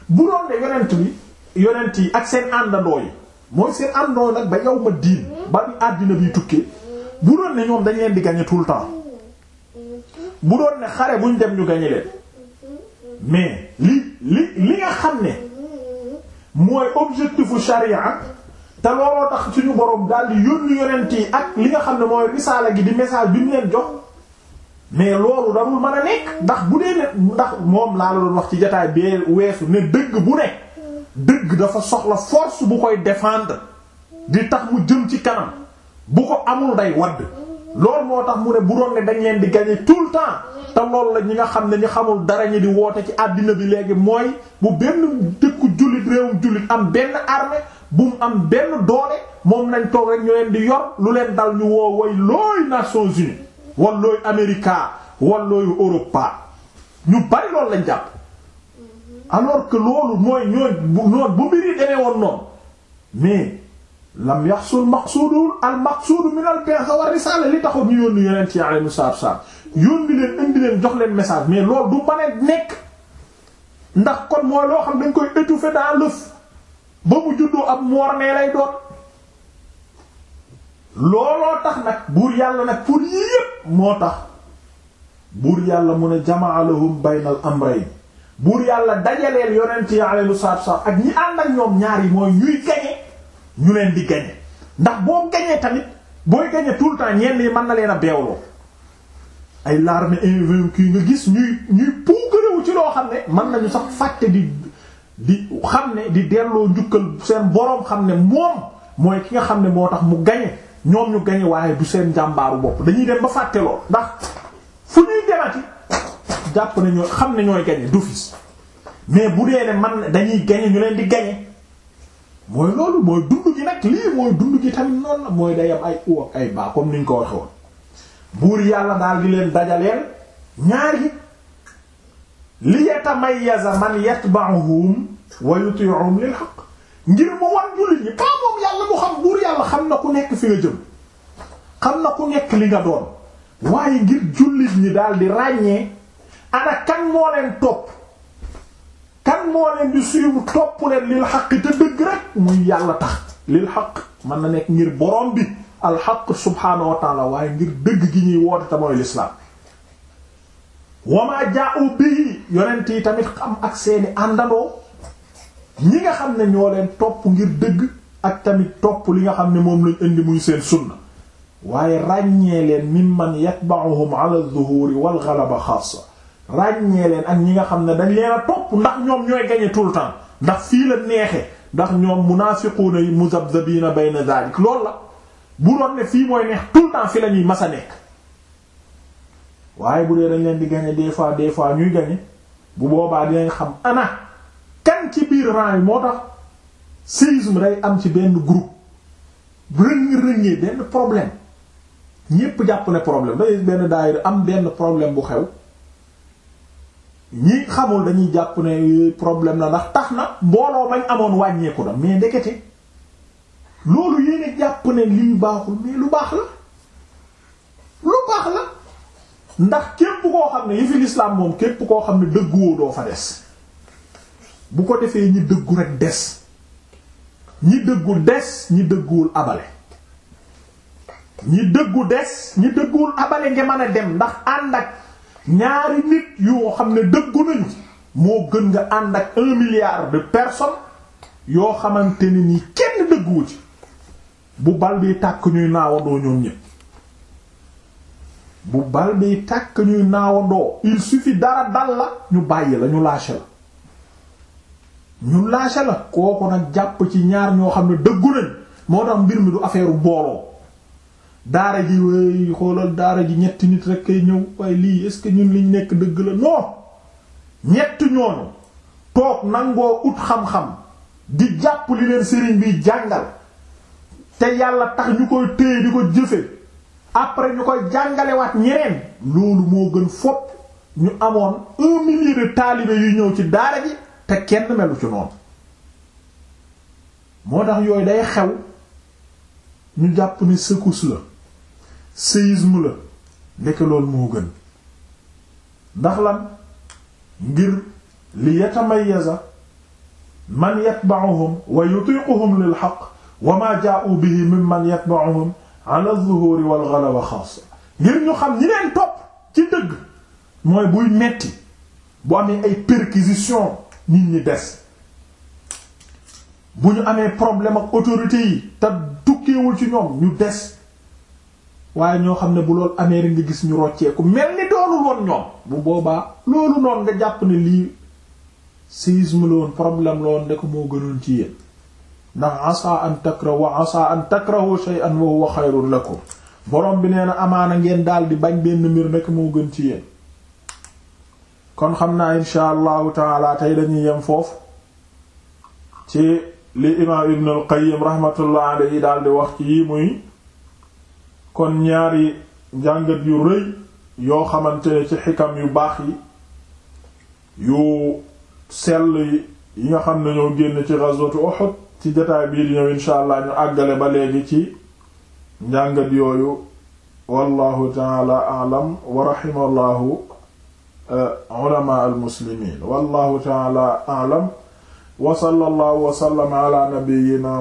bu doon ne yonent bi yonent yi ak seen àndandoo yi mooy seen àndandoo nag ba yow ma diin mm-hmm. ba àddina bi tukkee bu doon ne ñoom dañ leen di gagner tout le temps bu doon ne xare buñ dem ñu gagner leen mais li li li nga xam ne. mooy objectifu charia te looloo tax suñu borom daal di yónni yonent yi ak li nga xam ne mooy risaala gi di message bi mu leen jox mais loolu darul mën a nekk ndax bu dee ne ndax moom laa la doon wax ci jotaay bee weesu ne dëgg bu ne dëgg dafa soxla force bu koy défendre di tax mu jëm ci kanam bu ko amul day wadd lool moo tax mu ne bu doon ne dañ leen di gagner tout le temps te loolu la ñi nga xam ne ñu xamul dara ñi di woote ci àddina bi léegi mooy bu benn dëkku jullit réewum jullit am benn armée bu mu am benn doole moom nañ toog rek ñu leen di yor lu leen dal ñu woo woy looy Nations Unies wala looy America wala looy Europe ñu bari loolu lañ jàpp alors que loolu mooy ñooy bu noonu bu mbiri demee woon noonu mais. lam yaxsul maqsuudu al maqsuudu min al bi'sa wa risaala li taxoon ñu yónni yonent ci alayhi salaatu salaam yónni leen indi leen jox leen message mais loolu du mën a nekk ndax kon mooy loo xam dañ koy étouffer dans l'œuf ba mu juddoo ab moor nee lay doon looloo tax nag buur yàlla nag pour yépp moo tax buur yàlla mu a jamaa lahum baynal amrayn buur yàlla dajaleel yonent ci alayhi salaatu salaam ak ñi ànd ak ñoom ñaar yi mooy ñuy gañe ñu leen di gañe ndax boo gañee tamit booy gañe tout le temps ñenn yi mën na leen a beewloo ay l'armée invaincue nga gis ñuy ñuy puukarewu ci loo xam ne mën nañu sax fàtte di di xam ne di delloo njukkal seen boroom xam ne moom mooy ki nga xam ne moo tax mu gañe ñoom ñu gañe waaye du seen jàmbaaru bopp dañuy dem ba fàtte lool ndax fu ñuy demati jàpp ne ñooy xam ne ñooy gañe d'office mais bu dee ne man dañuy gañe ñu leen di gañe mooy loolu mooy dund gi nag lii mooy dund gi tamit noonu la mooy day ay ay baa comme niñ ko wax woon buur yàlla daal di leen dajaleel ñaar yi li yatamayyaza man yatba'uhum wa yuti'uhum lil haqq ngir mu wan jullit ñi pas moom yàlla mu xam buur yàlla xam na ku nekk fi nga jëm xam na ku nekk li nga doon waaye ngir jullit ñi daal di ràññee ana kan moo leen topp kan moo leen di suivre topp leen lil xaq te dëgg rek muy yàlla tax lil xaq mën na nekk ngir borom bi al xaq subhaanahu wa waaye ngir dëgg gi ñuy woote te mooy lislaam wamaa yi tamit am ak seeni àndandoo ñi nga xam ne ñoo leen topp ngir dëgg ak tamit topp li nga xam ne moom lañ indi muy seen sunna waaye ràññee leen mimman yatba'uhum ala adh-dhuhuri wal ghalaba xaasa ràññee leen ak ñi nga xam ne dañ leen a topp ndax ñoom ñooy gagner tout le temps ndax fii la neexe ndax ñoom munaafiquuna yi muzabzabina bayna zalik loolu la bu doon ne fii mooy neex tout temps fi la ñuy mas nekk waaye bu dee dañ leen di gagner des fois des fois ñuy gagner bu boobaa dinañ xam ana kan ci biir rang yi moo tax séisme day am ci benn group rëng-rëngee benn problème ñépp jàpp ne problème day benn daayira am benn problème bu xew ñi xamul dañuy jàpp ne eh, problème na ndax tax na mbooloo mañ amoon wàññeeku na mais ndekete loolu yéene jàpp ne lii baaxul mais lu baax la lu baax la ndax képp koo xam ne yëfi lislaam moom képp koo xam ne dëgguwoo doo fa des bu ko defee ñi dëggu rek des ñi dëggu des ñi dëgguwul abale ñi dëggu des ñi dëgguwul abale nga mën a dem ndax ànd ak ñaari nit yoo xam ne dëggu nañu moo gën nga ànd ak un milliard de personnes yoo xamante ni nii kenn dëgguwu ci bu bal bi tàkk ñuy naawandoo ñoom ñëpp bu bal bi tàkk ñuy naawandoo il suffit dara dal la ñu bàyyi la ñu lâché la ñu lâché la kooku nag jàpp ci ñaar ñoo xam ne dëggu nañ moo tax mbir mi du affaire booloo daara ji way xoolal ji ñetti nit rek ñëw waaye lii est-ce que ñun liñ nekk dëgg la noo ñetti ñooñu toog nangoo ut xam-xam di jàpp li leen sëriñ bi jàngal te yàlla tax ñu koy téye di ko jëfe après ñu koy jàngalewaat ñeneen loolu moo gën fopp ñu amoon un millier de taalibe yuy ñëw ci daara ji te kenn melu ci noonu moo tax yooyu day xew ñu jàpp ne secousse la séisme la ndeke loolu moo gën ndax lan ngir li yatamayaza man yatba'uhum wa yutiquhum lil haqq wa ma ja'u bihi mimman yatba'uhum ala adh-dhuhuri wal ghalaba xaasa ngir ñu xam ñi leen topp ci dëgg mooy buy metti bu amee ay perquisition nit ñi des bu ñu amee problème ak autorité yi ci ñoom ñu des waaye ñoo xam ne bu loolu amee nga gis ñu rocceeku mel ni doonul woon ñoom bu boobaa loolu noonu nga jàpp ni lii séisme la woon problème la woon moo gënoon ci yéen ndax asa an takrahu wa asa an takrahu shay'an wa huwa khayrun lakum borom bi nee na amaana ngeen daal di bañ benn mbir ndek moo gën ci yéen kon xam naa insha allahu taala tey dañuy yem foofu ci li imaam ibn al rahmatullah alayhi daal di wax ci yi muy kon ñaari njàngat yu rëy yoo xamante ne ci yu baax yi yu sell yi yi nga xam ne ñoo génn ci ghazwatu Uhud ci jotaay bii di ñëw insha allah ñu ba léegi ci njàngat yooyu wallahu taala aalam wa rahimallahu uh, aalam wa sallallahu wa sallama ala nabiyyina